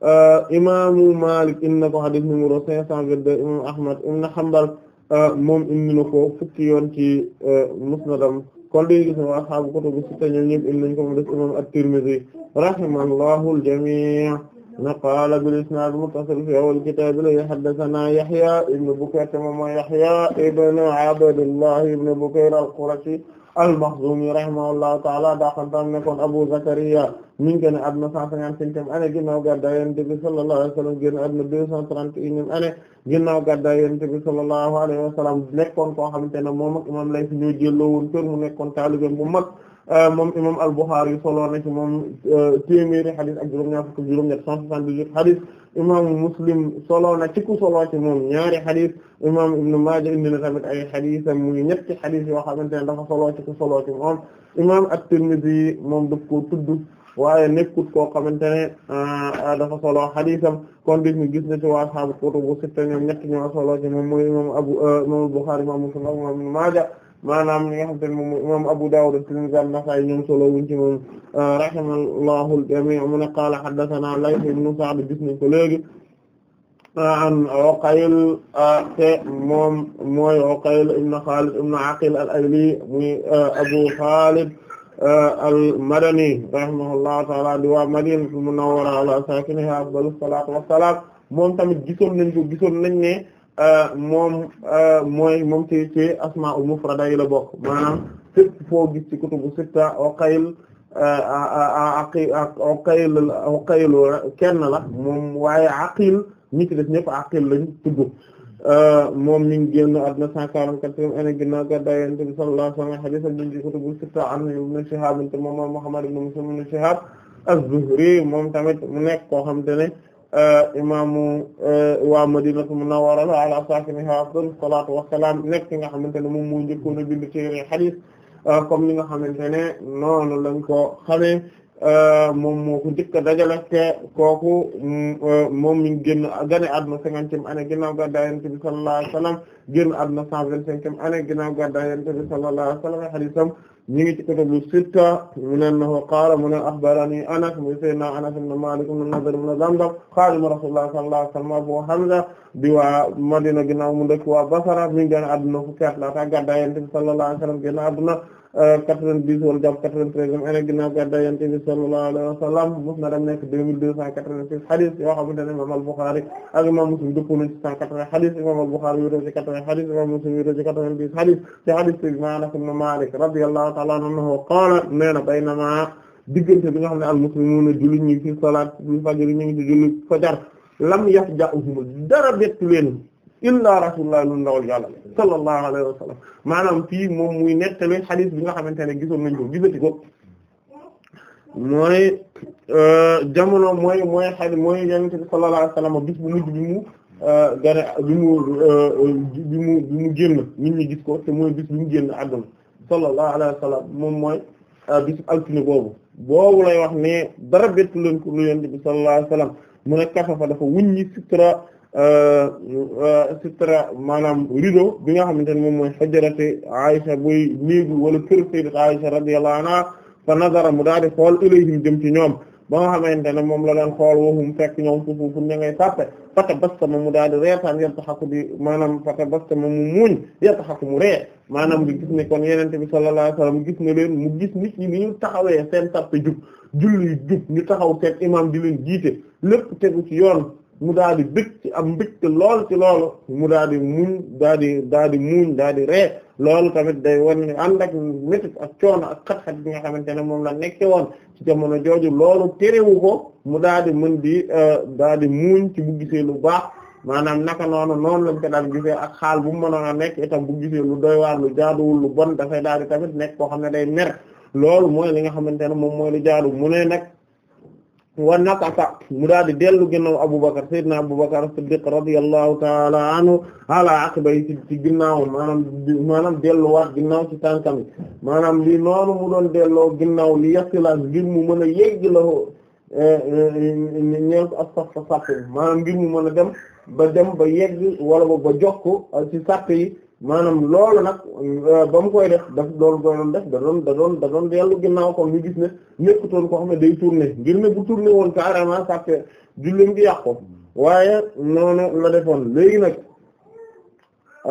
Euh, imaamu Malik indi na ko xadis numéro cinq cent vingt-deux imaamu Ahmad ibn Hanbal euh, moom indi na ko fukki yoon ci euh, musnadam kon léegi gis na ashaabu kutubu sitta ñoom ñépp indi nañ ko mu des imam at-Tirmidhi rahimallahu al-jami' na qaala bil isnaad muttasil fi awwal kitaab la haddathana Yahya ibn Bukayr moom Yahya ibn Abdullah ibn Bukayr al-Qurashi al-Makhzumi rahimahullahu ta'ala daaxantaam nekkoon Abu Zakariya mi ngi génn àdduna 155 ane ginnaaw gàddaay Yonent sallallahu alayhi wa sallam génn sallallahu alayhi wa nekkoon koo xamante ne moom ak imaam Layth ñoo jëlloo woon mu nekkoon taalibeem bu mag euh, moom imaam al-Bukhari solo na ci moom euh, téeméeri xadis ak juróom-ñaar fukk juróom-ñett 178 xadis imaamu muslim solo na ci ku solo ci moom ñaari xadis imaamu ibnu maaja indi na tamit ay xadisam muy ñetti xadis yoo xamante ne dafa solo ci ku solo ci moom imaam at-Tirmidhi moom daf koo tudd waaye nekkut ko xamante ne ah, dafa solo xadisam kon dig ñu gis na ci waa ashaabu kutubu sitta ñoom ñetti ñoo solo ci moom mooy imaamu abu ah, imaamu muslim maaja maanaam li nga xam te ne moom imam Abu Dawud at-Tirmidhi an-Nasa'i ñoom solo wuñ ci moom euh, rahimahullahu al-jami' mu ne qaala haddathana Layth ibn Sa'd gis nañ ko léegi an Uqayl euh, te moom mooy Uqayl ibn Khalid ibn Aqil al-Ayli muy euh, Abu Khalid al-Madani rahimahullahu ta'ala di waa Madinatul Munawwara ala sakiniha afdalu salaatu wassalaam moom tamit gisoon nañ ko gisoon nañ ne Euh, moom euh, mooy moom ci ci asmaa'ul mufrada yi la bokk maanaam fépp foo gis ci kutubu sitta Uqayl aqi Uqayl Uqayl kenn la moom waaye Aqil ñi ci def ñëpp Aqil lañ tudd euh, moom mi ngi génn àdduna 144 an ginnaaw gàddaay Yonent bi sallallahu alayhi wa sallam hadiis am ci kutubu sitta an Ibn Shihab moom Muhammad ibn Muslim ibn Shihab az-Zuhri moom tamit mu nekk koo xamante ne Euh, imaamu euh, waa Madinatu Munawwara ala saakinihaa afdalu salaatu wa salaam nekk ki nga xamante ne moom moo njëkkoon a bind téere hadiis euh, comme ni nga xamante ne noonu lañ ko xamee moom moo ko njëkk a dajale te kooku moom mu ngi génn gane àdduna cinquantième année ginnaaw gàddaay Yonent bi sallallahu alayhi wa sallam génn àdduna cent vingt-cinquième année wa sallam hadiisam ñu ngi ci kutubu sitta mu ne na qaala mu ne axbarani Anas mu sayyidina Anas ibn Maalik ibn Nadr ibn Damdam xaadimu Rasuulullah sallallahu sallam Abu Hamza di waa Madina ginnaaw mu dëkk waa Basra mi ngi génn àdduna fukki at laata gàddaay Yonent bi sallam génn àdduna 90 euh, wala jàpp 93e année ginnaaw gàddaay Yonent al-Bukhari ak Muslim dëppoo nañu ci 180 xadis imaam al-Bukhari wéetoo hadith imam Muslim wi doji quatre-vingt-dix hadith ci hadith sayyidina Anas ibn Malik nee na baynama diggante bi nga xam ne al muslimuuna julli ñi fi salaat li fajr ñu ngi ci julli fajar lam yafja'uhum dara bett leen illaa rasulullah lun ndawal yàlla sallallahu alayhi wa sallam maanaam fii moom muy nettali hadith bi nga xamante ne gisoon nañ ko gisati ko mooy euh, jamono mooy mooy hadith mooy yonent bi sallallahu alayhi wa sallam mu Euh, gane bi mu euh, bi mu bi mu génn nit gis ko te mooy bis bi mu génn àdduna sallallahu alayhi wa sallam moom mooy euh, bis altine boobu boobu lay wax ne dara bettu leen ko lu yonent bi sallallahu alayhi wa sallam mu ne kafafa dafa wuññi sitra sitra maanaam rideau bi nga xamante ne moom mooy xajarate Aisha buy néegu wala kër sayyidat Aisha radiyallahu anha fa nazara mu daal di xool ilayhim jëm ci ñoom ba nga xamante ne moom la leen xool waxum fekk ñoom sufufu ña ngay sàppe fata ma mu daal di reetaan yetta xaku di maanaam fata bastama mu muuñ yetta xaku mu ree maanaam nga gis ne kon yenente bi sallallahu alayhi wasallam gis mu gis nit ñi ni ñu taxawee seen sàppe jub julli jub ñu taxaw seen imaam di leen jiite lépp tegu ci yoon mu daal di bëgg ci am mbégte lool ci loolu mu daal di muñ daal di daal di muñ daal di ree loolu tamit day wan ne ànd ak métit ak coon ak xat-xat bi nga xamante ne moom la nekke woon ci jamono jooju loolu terewu ko mu daal di mën di euh, daal di muñ ci bu gisee lu baax maanaam naka noonu noonu la ko daal gisee ak xaal bu mu mënoon a nekk itam bu gisee lu doy waar lu jaaduwul lu bon dafay daal di tamit nekk koo xam ne day ner loolu mooy li nga xamante ne moom mooy lu jaadu mu ne nekk wa naqata mu daal di dellu ginnaaw Abubakar sayyidina Abubakar Siddiq radiyallahu ta'ala anhu ala aqbay ci ci ginnaawam maanaam maanaam delluwaat ginnaaw ci tànkam maanaam lii noonu mu doon delloo ginnaaw li yasila ngir mu mën a yegg la eh, eh, eh, ñeent ak saf saf mu mën a dem ba dem ba yegg wala ba jokk ci sàpp yi. maanaam loolu nag euh, ba mu koy def daf doon doon def da doon da doon da doon dellu ginnaaw kon ñu gis ne nekkutoon koo xam ne day tourner ngir ne bu tourner woon carrément sàppe jullim gi yàq ko waaye noonu la defoon léegi nag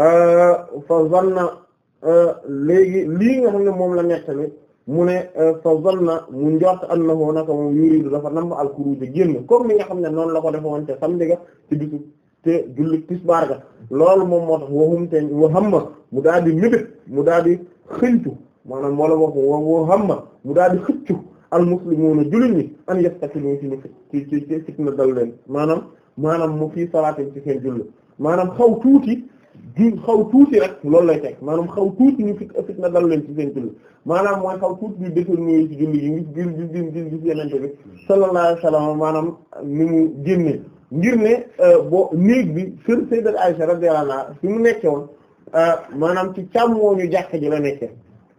euh, fa na euh, léegi lii nga xam ne moom la nettali mu ne fa zanna mu njort annahu naka moom yuridu dafa namm al-khuruj génn comme ni nga xam ne noonu la ko defoon te samedi ga ci bisu te jullit tisbaar ga loolu moom moo tax waxum te wahamma mu daal di mébét mu daal di xëncu maanaam moo la wax wahamma mu daal di xëccu al muslimuuna jullit ñi an yastakilu ci ñu ci ci ci fitna dal leen maanaam maanaam mu fii salaatin ci seen julli maanaam xaw tuuti ju xaw tuuti rek loolu lay teg maanaam xaw tuuti ñu fit fitna dal leen ci seen julli maanaam mooy xaw tuuti ñu détourné ci julli gi ngis gis gis gis gis yenente bi sallallahu alayhi wasallam maanaam ni mu génnee ngir ne euh, boo néeg bi sër sayyidat Aisha radiyallahu anha fi mu nekke woon euh, maanaam ci càmmooñu jàkka ji la nekke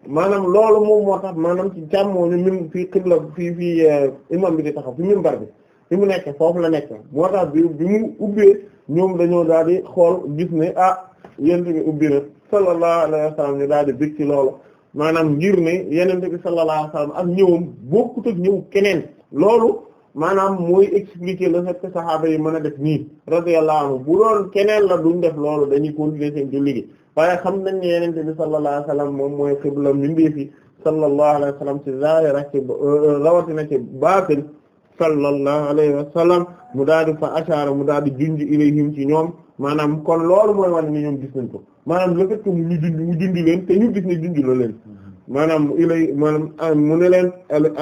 maanaam loolu moom moo tax maanaam ci càmmooñu min fii xibla fii fii euh, imam bi di taxaw fi minbar bi fi mu nekke foofu la nekke moo tax bi bi mu ubbee ñoom dañoo daal di xool gis ne ah yent bi ubbi na sallallahu alayhi wa sallam ñu daal di bég ci loolu maanaam ngir ne yenente bi sallallahu alayhi wa sallam ak ñëwam bokkut ak keneen loolu maanaam mooy expliquer le fait que saxaaba yi mën a def nii radiyallahu anhu bu doon keneen la duñ def loolu dañuy continuer seen julli gi waaye xam nañ ne yenente bi sallallahu alayhi wasallam moom mooy xibla mbindeef yi sallallahu alayhi wasallam ci zaahir ak ci euh, euh, rawatina ci baatin sallallahu alayhi wasallam mu daal di fa ashaara mu daal di junj ci ñoom maanaam kon loolu mooy wane ni ñoom gis nañ ko maanaam le fait mu junj leen te ñu gis ne junj leen maanaam ilay maanaam ah, mu ne leen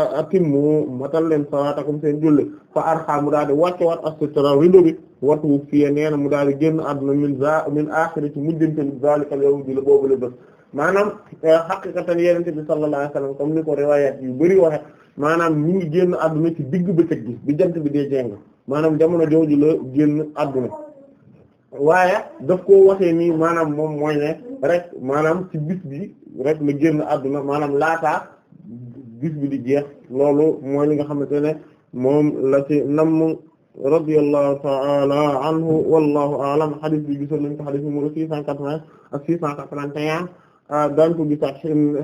a atimmu matal leen salaatakum seen julli fa arxa mu daal di wàcce wat assitra rindo bi watu fiye nee na mu daal di génn àdduna min za min axiri ci mujjantelu zalikal yow ji la boobule bés maanaam eh, xaqiqatan yenente bi sallallahu alayhi wasallam comme ni ko riwayat maanaam ñu ngi génn àdduna ci digg bëccëg gi bi jant bi dee jeng maanaam jamono jooju la génn àdduna waaye daf ko waxee ni maanaam moom mooy ne rek maanaam ci bis bi rek la génn àdduna maanaam laataa bis bi di jeex loolu mooy li nga xamante ne moom la ci namm radiyallahu ta'ala anhu wallahu a'lam hadith bi gisoon nañ ko cent quatre-vingts ak six cent quatre-vingt-un ah, daañu ko gisaat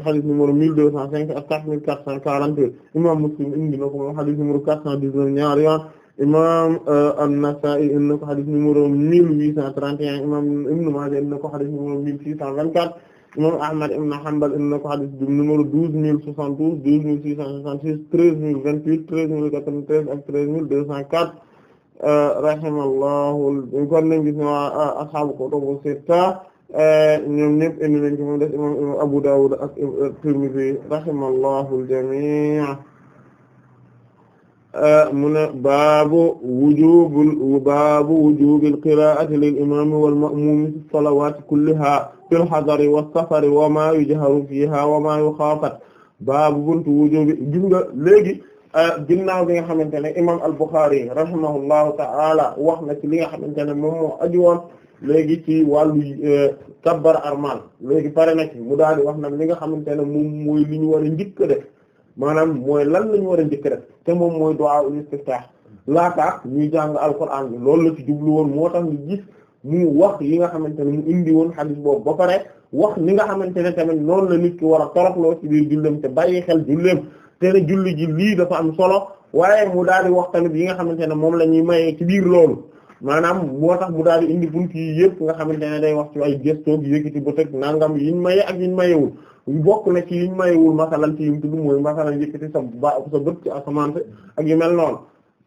hadith numéro mille deux cent cinq ak quatre mille quatre cent quarante imam Muslim indi na ko moom hadith numéro quatre cent dix-neuf ñaari yoon imam euh, an-Nasa'i indi na ko hadith numéro na ko hadith numéro mille six cent vingt-quatre imam Ahmad ibn Hanbal indi na ko hadith bi numéro douze mille soixante-douze douze mille six cent soixante-six treize mille vingt-huit treize mille quatre-vingt-treize ak treize mille deux cent quatre euh, rahimahullahu kon nañ gis ne waa euh, ashaabu kutubu sitta euh, ñoom ñëpp indi nañ ko moom des imam imam Abu Dawud ak Tirmidhi rahimahullahu al-jamii' mu ne baabu wujubil baabu wujubil qiraa'ati lil imaam wal ma'muum fi salawaati kullihaa fil hadari wa safari wa ma yujharu fiha wa ma yukhafat baabu buntu wujubi gis nga léegi euh, ginnaaw bi nga xamante ne imam al-Bukhari rahimahullahu ta'ala wax na ci li nga xamante ne moom moo aju woon léegi ci wàllu kabbar euh, armal léegi pare na ci mu daal di wax nag li nga xamante ne moom mooy li ñu war njëkk def maanaam mooy lan la ñu war a njëkk te moom mooy du'a ul istiftah laata ñuy jàng alquran bi loolu la ci jublu woon moo tax ñu gis mu wax yi nga xamante ne mu indi woon ba pare wax li nga xamante ne tamit noonu la nit ki war a toroxloo ci biir julleem te bàyyi xel julleem te ne julli ji lii dafa am solo waaye mu daal di wax tamit yi nga xamante ne moom la ñuy mayee ci biir loolu maanaam moo tax mu daal di indi bunt yi yëpp nga xamante ne day wax ci ay gestoog yëkkati ba teg nangam yiñ maye ak yiñ mayewul bokk na ci yiñ mayewul masalan ci yim tudd mooy masalan yëkkati sa ba sa bët ci asamaan ak yu mel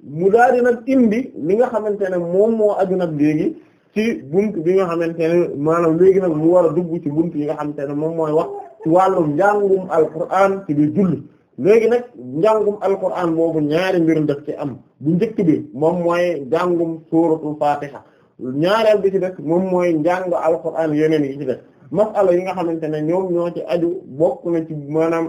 mu daal nag indi li nga xamante ne moom moo nag léegi ci buntu bi nga xamante ne maanaam léegi nag mu war a dugg ci buntu yi nga xam ne moom mooy wax ci wàllum njàngum alquran ci biir julli léegi nag njàngum alquran boobu ñaari mbir daf ci am bu njëkk bi moom mooy njàngum suuratul fatiha ñaareel bi ci def moom mooy njàng alquran yeneen yi ci def masala yi nga xamante ne ñoom ñoo ci aju bokk na ci maanaam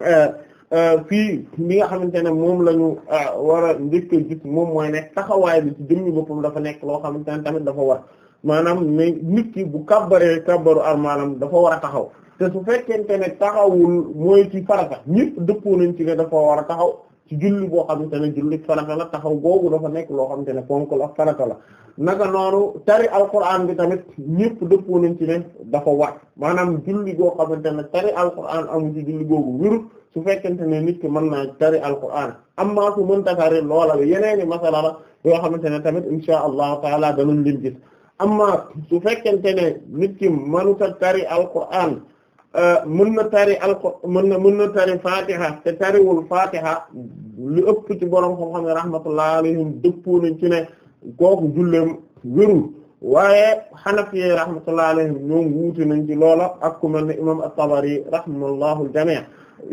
eh, Euh, fii li nga xamante ne moom lañu ñu euh, war a njëkk a gis moom mooy ne taxawaay bi ci jëmmi boppam dafa nekk loo xamante ne tamit dafa war maanaam ne nit ki bu kabbaree kabbaru armalam dafa war a taxaw te su fekkente ne taxawul mooy ci farata ñëpp dëppoo nañ ci ne dafa war a taxaw ci julli boo xamante ne julli farata la taxaw googu dafa nekk loo xamante ne ponk la farata la naka noonu tari alquran bi tamit ñëpp dëppoo nañ ci ne dafa wa maanaam julli goo xamante ne tari alquran amu ci julli googu wérut su fekkente ne nit ki mën naa tari alquran amma su mënta tari loola la yeneeni masala la yoo xamante ne tamit insha allahu taala danañ leen gis amma su fekkente ne nit ki mënuta tari alquran Euh, mën na tari alko mën na mën na tari fatiha te tariwul fatiha lu ëpp ci borom xam-xam ne rahmatullah alayhim dëppoo nañ ci ne kooku julleem wérul waaye xanafi yi alayhim ñoom wuute nañ ci loola ak ku mel ne imam at-Tabari rahimahullahu al-jami'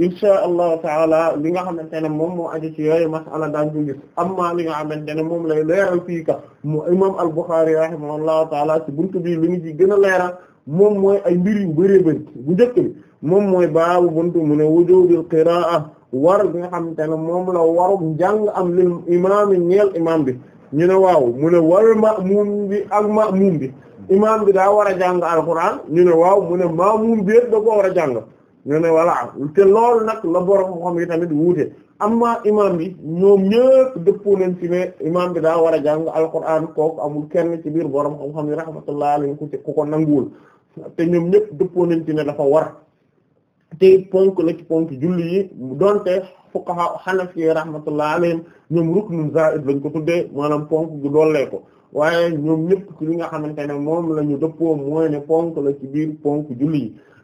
insha allahu taala li nga xamante ne moom moo aju ci yooyu masala daañ ko amma li nga xamante ne moom lay leeral fii ka mu imam al-Bukhari rahimahullahu taala ci buntu li ñu ci gën a moom mooy ay mbir yu bëree bëri bu njëkk moom mooy baabu buntu mu ne wujubil qiraa war bi nga xamante ne moom la waru njàng am lil imaami ñeel imaam bi ñu ne waaw mu ne wal ma'muum bi ak ma'muum bi imaam bi daa war a jàng alquran ñu ne waaw mu ne ma'muum bi da ko war a jàng ñu ne voilà te loolu nag la borom xam yi tamit wuute amma imaam bi ñoom ñëpp dëppoo nañ ci ne imaam bi daa war a jàng alquran kooku amul kenn ci biir borom xam-xam yi rahmatullahi alayhi ku ko nanguwul te ñoom ñëpp dëppoo nañ ci ne dafa war te ponk la ci ponk julli yi donte fuqaha hanafi rahmatullah alayhim ñoom ruknun zaid lañ ko tuddee maanaam ponk dool dollee ko waaye ñoom ñëpp ci li nga xamante ne moom la ñu dëppoo mooy ne ponk la ci biir ponk julli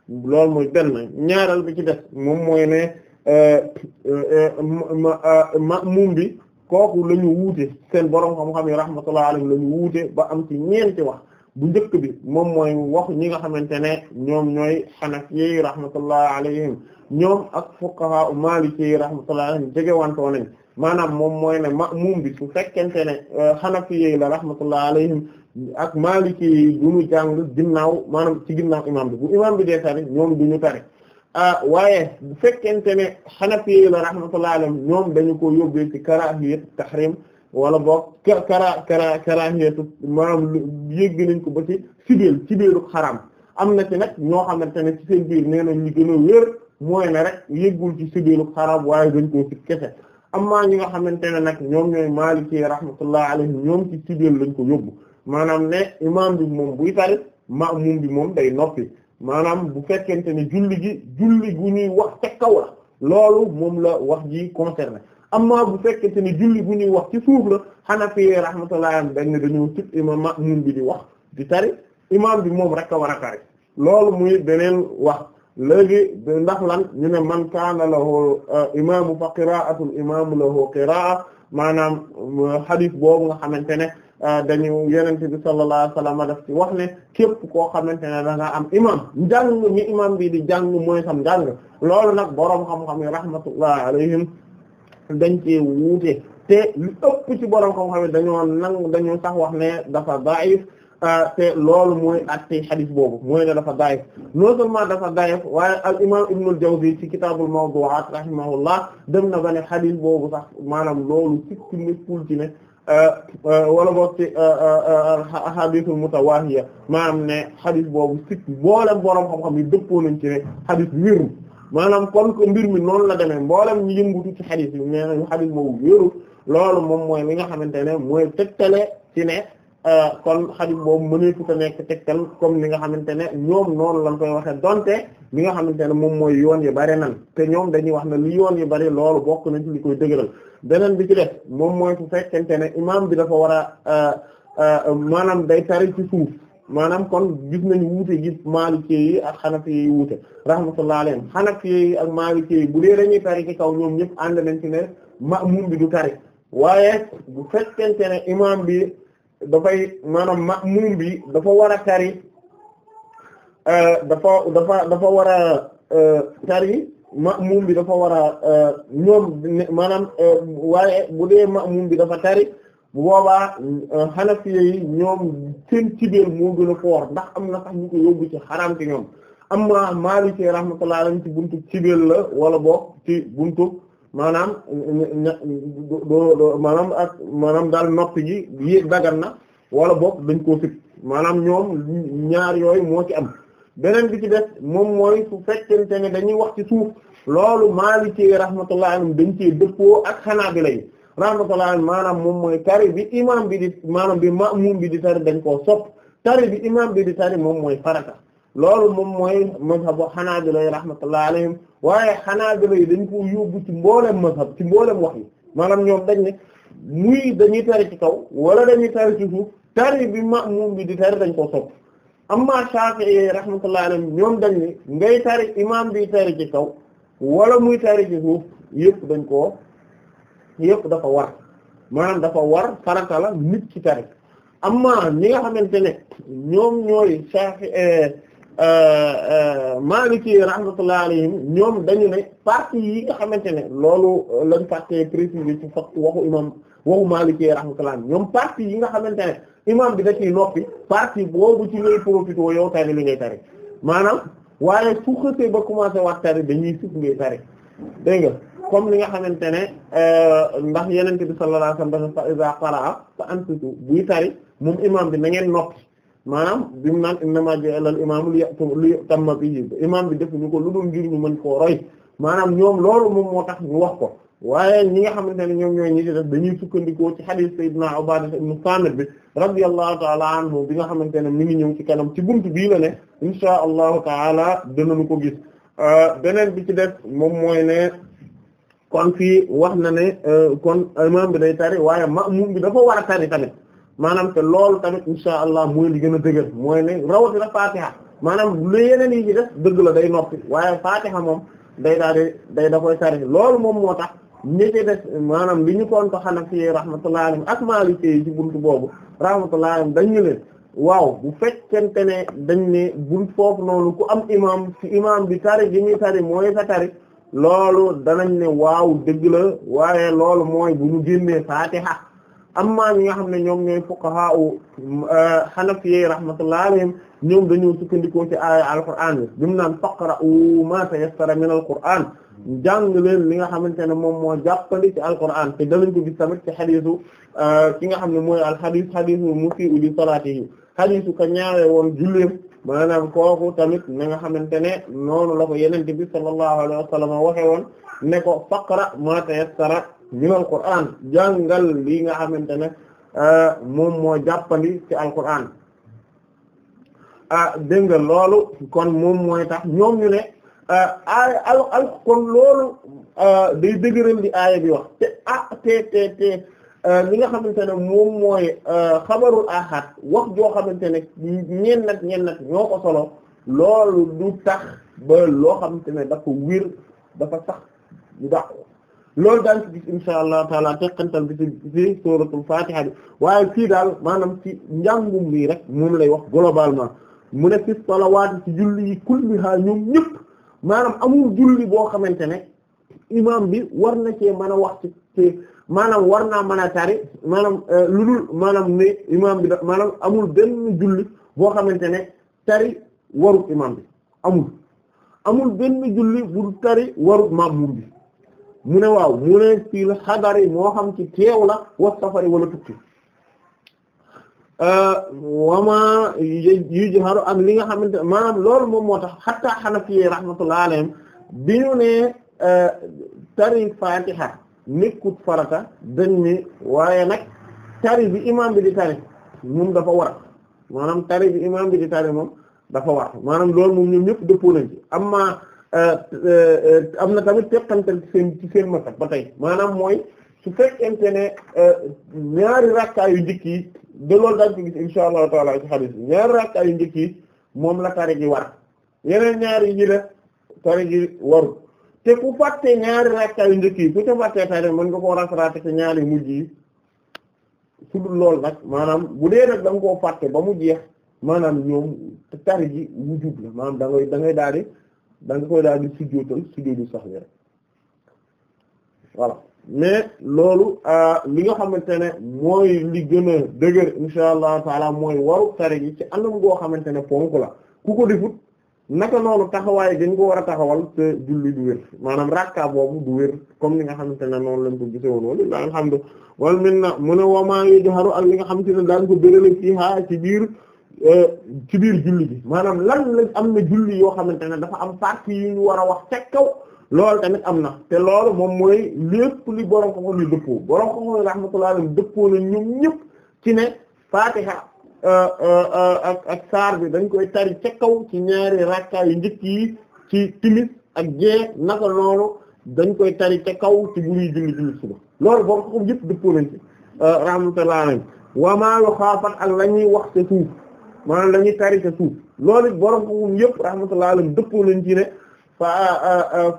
yi loolu mooy benn ñaareel bi ci def moom mooy ne euh, euh, euh, ma'mum bi kooku la ñu wuute seen borom xam-xam yi rahmatullah alayhim la ñu wuute ba am ci ñeenti wax bu njëkk bi moom mooy wax ñi nga xamante ne ñoom ñooy xanafi rahmatullah alayhim ñoom ak fuqaha maliki rahmatullah alayhim jege wantoo nañ maanaam moom mooy ne ma'mum bi su fekkente ne xanafi euh, la rahmatullah alayhim ak maliki yi duñu jàng ginnaaw maanaam ci ginnaaw imam bi bu imam bi dee tari ñoom duñu tari ah waaye bu fekkente ne xanafi la rahmatullah alayhim ñoom dañu ko yóbbee ci karaahiyat tahrim wala boog kara kara kara karaahiyetu maanaam yëgg nañ ko ba ci sibeel sibeelu xaraam am na ci nag ñoo xamante ne ci seen nee nañ li gën a mooy rek yëggul ci sibeelu xaraam waaye dañ ko ci kese amma ñi nga xamante ne nag ñoom ñooy maaliki rahmatullah alayhi ñoom ci sibeel lañ ko yóbbu maanaam ne imaam bi moom bu tari maamum bi moom day noppi maanaam bu fekkente ne julli gi julli gu ñuy wax ca kaw loolu moom la wax ji concerné amma bu fekkente ni julli bu ñuy wax ci suuf la Hanafi rahmatullahi am dañ ne dañoo tib imam ma'mum bi di wax di tari imam bi moom rek a war a tari loolu muy beneen wax léegi ndax lan ñu man kaana lahu euh, imaamu fa qira'atul imaamu lahu qira'a maanaam hadith euh, boobu nga xamante ne euh, dañu yenente bi sallallahu alayhi wa wax ne képp koo xamante ne da nga am imam njàng ñi imam bi di jàng mooy sam njàng loolu nag boroom xam-xam yi rahmatullah alayhim dañ cee wuute te lu ëpp ci borom xam-xam yi dañoo nangu dañoo sax wax ne dafa da'if ah, te loolu mooy àttee xadis boobu mooy ne dafa da'if non seulement dafa da'if waaye al imam Ibn al-Jawzi ci kitaabul mawdu'aat rahimahullah dem na ba ne xadis boobu sax maanaam loolu sikki nekkul ci ne ah, ah, wala boog ci ahadithul mutawaahiya maanaam ne xadis boobu sikki boolem borom xam-xam yi dëppoo nañ ci ne xadis wérul maanaam kon ko mbir mi noonu la demee mboolem ñu yëngutu ci xadis bi nee nañu xadis boobu wéeru loolu moom mooy li nga xamante ne mooy tegtale ci ne euh, kon xadis boobu mëneefu ta nekk tegtal comme ni nga xamante ne ñoom noonu lañ koy waxee donte li nga xamante ne moom mooy yoon yu bari nan te ñoom dañuy wax ne li yoon yu bari loolu bokk na ci li koy dëgëral beneen bi ci def moom mooy su fekkente ne imaam bi dafa war a euh, euh, maanaam day tari ci suuf maanaam kon gis nañu wuute gis Maliki yi ak Hanafi yi wuute rahmatullahi alayhim Hanafi yi ak Maliki yi bu dee dañuy tari ci kaw ñoom ñëpp ànd nañ ci ne ma'mum bi du tari waaye bu fekkente ne imaam bi dafay maanaam ma'mum bi dafa war a tari euh, dafa dafa dafa war a euh, tari ma'mum bi dafa war a euh, ñoom maanaam waaye bu dee ma'mum bi dafa tari bu boobaa xanafiya euh, yi ñoom seen cibéer moo gën a foor ndax am na sax ñu ko yóbbu ci xaraam ci ñoom amma Maliki rahmatullahi alayhi ci buntu cibéer la wala boog ci buntu maanaam maanaam ak maanaam daal noppi gi yi dagan na wala boog dañ koo sib maanaam ñoom ñaar yooyu moo ci am beneen bi ci def moom mooy su fekkente ne dañuy wax ci suuf loolu Maliki rahmatullahi alayhi dañ cee dëppoo ak xanaa Hanabila yi rahmatullah maanaam moom mooy tari bi imam bi di maanaam bi ma'mum bi di tari dañ koo sopp tari bi imam bi di tari moom mooy farata loolu moom mooy mazhabu xanaabila yi rahmatullah alayhim waaye xanaabila yi dañ ko yóbbu ci mboolem mazhab ci mboolem wax yi maanaam ñoom dañ ne muy dañuy tari ci kaw wala dañuy tari ci suuf tari bi ma'mum bi di tari dañ koo sopp amma Shafi'i rahmatullah alayhim ñoom dañ ne ngay tari imam bi tari ci kaw wala muy tari ci suuf yëpp dañ ko yëpp dafa war maanaam dafa war farata la nit ci tari amma ñi nga xamante ne ñoom ñooy Shafi eh, eh, eh, Maliki rahmatullahi alayhim ñoom dañu ne parti yi nga xamante ne loolu lañ fàttee préciser ci fat waxu imam waxu Maliki rahmatullahi ñoom partie yi nga xamante ne imam bi da ciy parti partie boobu ci ngay profité yow tari li ngay tari maanaam waaye su xësee ba commencé wax tari dañuy suf ngay tari dégg nga comme li nga xamante ne euh, ndax yeneen bi sallallahu alayhi wasallam fa iza qara'a fa ansitu buy tari moom imam bi na ngeen noppi maanaam bi mu naan innama ja'ala al imam li yutamma bihi imam bi defuñu ko lu dul ngir ñu mën koo roy maanaam ñoom loolu moom moo tax ñu ko waaye ñi nga xamante ne ñoom ñooy ñi ci dañuy sukkandikoo ci hadith sayyidina Ubadah ibn Samit bi radiyallahu ta'ala anhu bi nga xamante ne mu ngi ñëw ci kanam ci buntu bii la ne insha allahu ta'ala dinañu ko gis euh, beneen bi ci def moom mooy ne kon fii wax na ne euh, kon imam bi day tari waaye ma ma'mum bi dafa war a tari tamit maanaam te lool tamit insha allah mooy li gën a dëgër mooy na rawatina a maanaam lu yeneen yi dëgg la day noppi waaye fatiha moom day daal day da koy tari lool moom moo tax ñetti des maanaam li ñu koon ko Hanafi rahmatullahi alayhim ak Maliki yi ci buntu boobu rahmatullahi alayhim dañu leen waaw bu fekkente ne dañ ne bunt foofu noonu ku am imam ci bi tari gi ñuy tari mooy sa tari loolu danañ ne waaw dëgg la waaye loolu mooy bu ñu génnee fatiha amma ñi nga xam ne ñoom ñooy fuqaha u euh, hanafiyyi rahmatullahi alayhim ñoom dañoo sukkandikoo ci aaya alquran bi bi mu naan faqra'u ma tayassara min alquran jàng leen li nga xamante ne moom moo jàppandi ci alquran te danañ ko gis tamit ci xadiisu euh, ki nga xam ne mooy al xadiis xadiisu musii'u li salaatihi xadiisu ka ñaawe woon julleem maanaam kooku tamit na nga xamante ne noonu la ko yeneen bi sallallahu alayhi wa waxe woon ne ko faqra ma tayassara min alquran jàngal li nga xamante ne euh, moom moo jàppandi ci alquran ah dégg loolu kon moom mooy tax ñoom ñu ne aaya euh, al al kon loolu euh, day dëgëral li aaya bi wax te ah, te te Euh, li nga xamante ne moom mooy euh, xabarul ahad wax joo xamante ne ñeen nag ñoo ko solo loolu du tax ba loo xamante ne dafa wir dafa sax du dàqu daal daan ci gis insha allah taala teqantal bi ci fatiha bi waaye fii daal maanaam ci njàngum lii rek moom lay wax globalement mu ne fi salawaat ci julli yi kulliha ñoom ñëpp maanaam amul julli boo xamante ne imam bi war na cee mën a wax ci maanaam war naa mën a tari maanaam euh, lu dul maanaam ne imaam bi da maanaam amul benn julli boo xamante ne tari warut imaam bi amul amul benn julli bu tari warut maamum bi mu ne waaw mu ne fil xadari moo xam ci teew la wa safari wala tukki euh, wama yujharu ak li nga xamante ne maanaam lool moom moo tax xatta xanafiyee rahmatullah alayhim bi ñu ne euh, tari fatiha nekkut farata dañ ni waaye nag tari bi imam bi di tari moom dafa war maanaam tari bi imam bi tari moom dafa war maanaam loolu moom ñoom ñëpp dëppoo nañ ci euh, euh, euh, am na tamit teqantal seen ci seen masak ba tey maanaam mooy su fekkente ne ñaari rakkaa yu njëkk yi de loolu dañ ko gis insha allahu taala ci hadith ñaari rakkaa yu njëkk moom la tari gi war yeneen ñaari yi tari gi waru te ku fàtte ñaari rakka yu njëkk yi ku ca fàttee tay rek mën nga koo rasaraate ci ñaari mujj yi su dul loolu nag maanaam bu dee nag da koo fàtte ba mu jeex maanaam ñoom tari ji wujub la maanaam da ngay daal di da nga koy daal di sujjóotal sujjóotu sax bi rek voilà mais loolu euh, li nga xamante ne mooy li gën a dëgër insha allah taala mooy waru tari ji ci anam goo xamante ne ponk la ku ko defut naka noonu taxawaay dañ ko war a taxawal te julli du wér maanaam rakka boobu du wér comme ni nga xamante ne noonu lañ ko gise woon wala la alhamdu wal minna mu ne wama yajharu ak li nga xamante ne daan ko bérale biir euh, ci biir julli bi maanaam lan am na julli yoo xamante ne dafa am partie yu ñu war a wax teg kaw loolu tamit am na te loolu moom mooy lépp li borom ko ko li dëppoo borom ko ko rahmatullahi dëppoo na ñoom ñëpp ci ne fatiha Euh, euh, euh, ak ak saar bi dañ koy tari ca kaw ci ñaari rakka yu njëkk yi ci timis ak gée naka noonu dañ koy tari ca kaw ci bu ñuy julli julli suba loolu boo ko yëpp dëppoo nañ wa maa yuxaafat ak la ñuy wax ca suuf maanaam la tari ca suuf loolu borom ko yëpp rahmatullah alayhi dëppoo nañ ci ne fa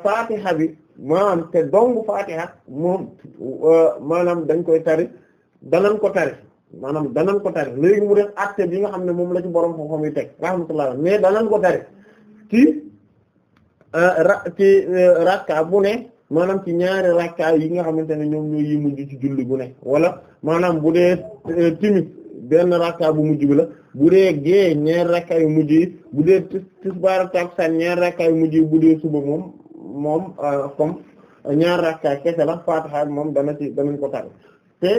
fatiha bi maanaam te dong fatiha moom maanaam dañ koy tari danañ ko tari. maanaam danañ ko tere léegi mu def acte bi nga xam ne moom la ci borom xam-xam yi te rahmatullah mais danañ ko tere ci euh, ra ci euh, rakka bu ne maanaam ci ñaari rakka yi nga xamante ne ñoom ñooy yi mujj ci julli bu ne wala maanaam bu dee euh, timis benn rakka bu mujj bi la bu dee gée ñaar rakka yi mujj yi bu dee tisbaar takkusaan ñaar rakka yi mujj yi bu dee suba moom moom comme ñaari rakka kese la Faatiha moom dana ci danañ ko tere te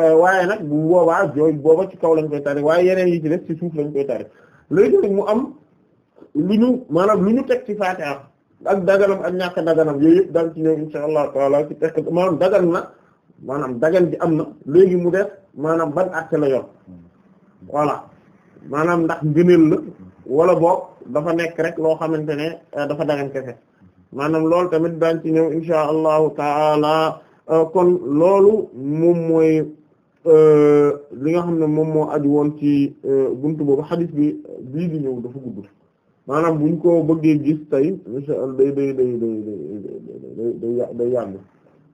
euh, waaye nag bu boobaa yooyu booba ci kaw lañ koy tari waaye yeneen yi ci def ci suuf lañ koy tari léegi mu am lu ñu maanaam lu ñu teg ci Fatiha ak daganam ak ñàkk daganam yooyu yëpp daan ci ñëw insha allah taala ci tekk maanaam dagan na am na léegi mu def maanaam ban acte la maanaam ndax ngëneel la wala dafa nekk rek loo xamante ne euh, dafa dagan maanaam loolu tamit daan allahu taala kon loolu moom mooy li nga xam ne moom moo aju woon ci buntu boobu xadis bi bii bi ñëw dafa gudd maanaam buñ ko bëggee gis tey insha Allah day day day day day day yàgg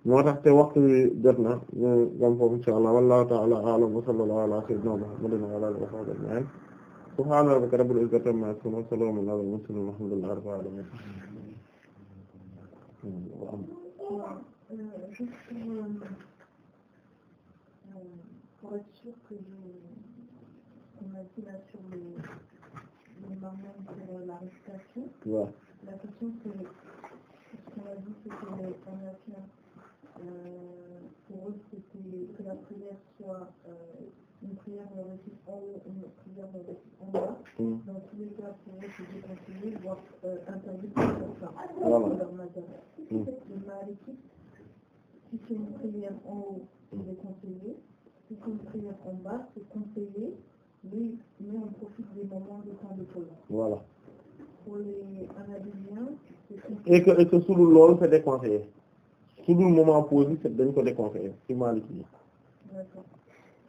moo tax te waxtu bi jot na ñu gam foofu insha Allah wallahu ta'ala a'lam wa sallallahu ala sayyidina Muhammadin wa ala alihi wa sahbihi ajma'in subhana rabbika rabbil izzati amma yasifun wa salamun ala al mursalin walhamdulillahi rabbil alamin pour, euh, juste pour, euh, pour être sûr que je, on a dit là sur le, le mariage pour l'arrestation. Ouais. La question c'est, ce qu'on a dit c'est qu'on a fait, euh, pour eux c'était que la prière soit euh, une prière relative en haut et une prière relative en bas. Mm. Dans tous les cas, c'est déconseillé, voire euh, interdit pour certains. Voilà. Leur mazhab. Les malikistes, si c'est une prière en haut, c'est déconseillé. Si c'est une prière en bas, c'est conseillé, mais, mais on profite des moments de temps de pause. Voilà. Pour les anadéliens, c'est... Et que, et que sous loolu, c'est déconseillé. Sous le moment posé, c'est dañ ko déconseillé, ci Maliki yi. D'accord.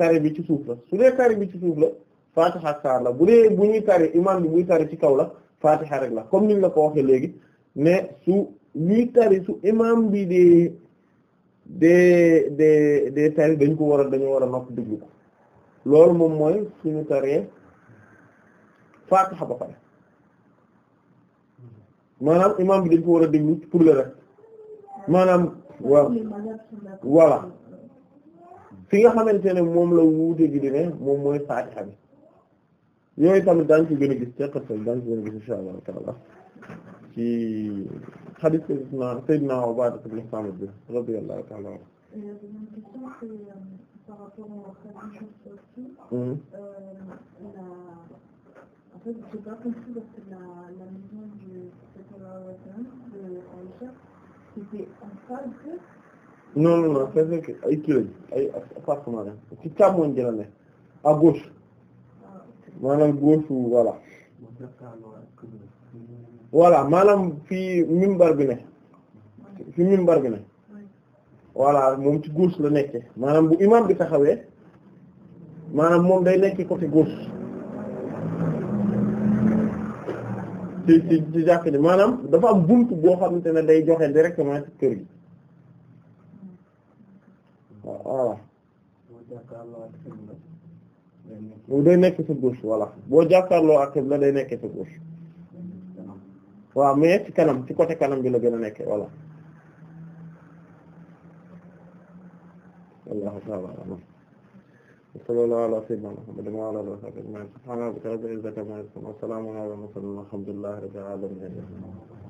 tari bi ci suuf la su dee tari bi ci suuf la fatiha ak saar la bu dee bu ñuy tari imam bi buy tari ci kaw la fatiha xar la comme niñ la ko waxee léegi ne su ñuy tari su imam bi de de de tari dañ ko war a dañu war a nopp déglu ko loolu moom mooy suñu taree fatiha a pare maanaam imam bi dañ ko war a déglu pour le rek maanaam waaw voilà fi nga xamante ne moom la wuute gi di moom mooy faatiha bi yooyu tamit daañ ci gën a gis ceqat sa daañ ci gën a gis insha allah taala ci hadith sayyidina bi radiyallahu taala anhu euh, par rapport au mm-hmm. euh, En fait, la, la maison du prophète sallallahu alayhi wa sallam, de Aïcha, c'était en non non ay kii ay appartement la ci càmmoñ ji la ne à gauche maanaam gauche voilà voilà maanaam fi minbar bi ne fi minbar bi ne voilà moom ci gauche la nekkee maanaam bu imam bi taxawee maanaam moom day nekk côté gauche ci ci ci jàkk ji maanaam dafa am buntu boo xamante ne day joxe directement ci kër gi waaw day nekk sa gauche voilà boo jàkkaarloo ak xibla day nekk sa gauche waaw mais ci kanam ci côté kanam bi la gën a nekke voilà wallahu ta'ala a'lam wa sallallahu ala sayyidina muhammadin wa ala alihi wa sahbihi ajma'in subhana rabbika rabbil izzati amma yasifun wa salamun ala al mursalin walhamdulillahi rabbil alamin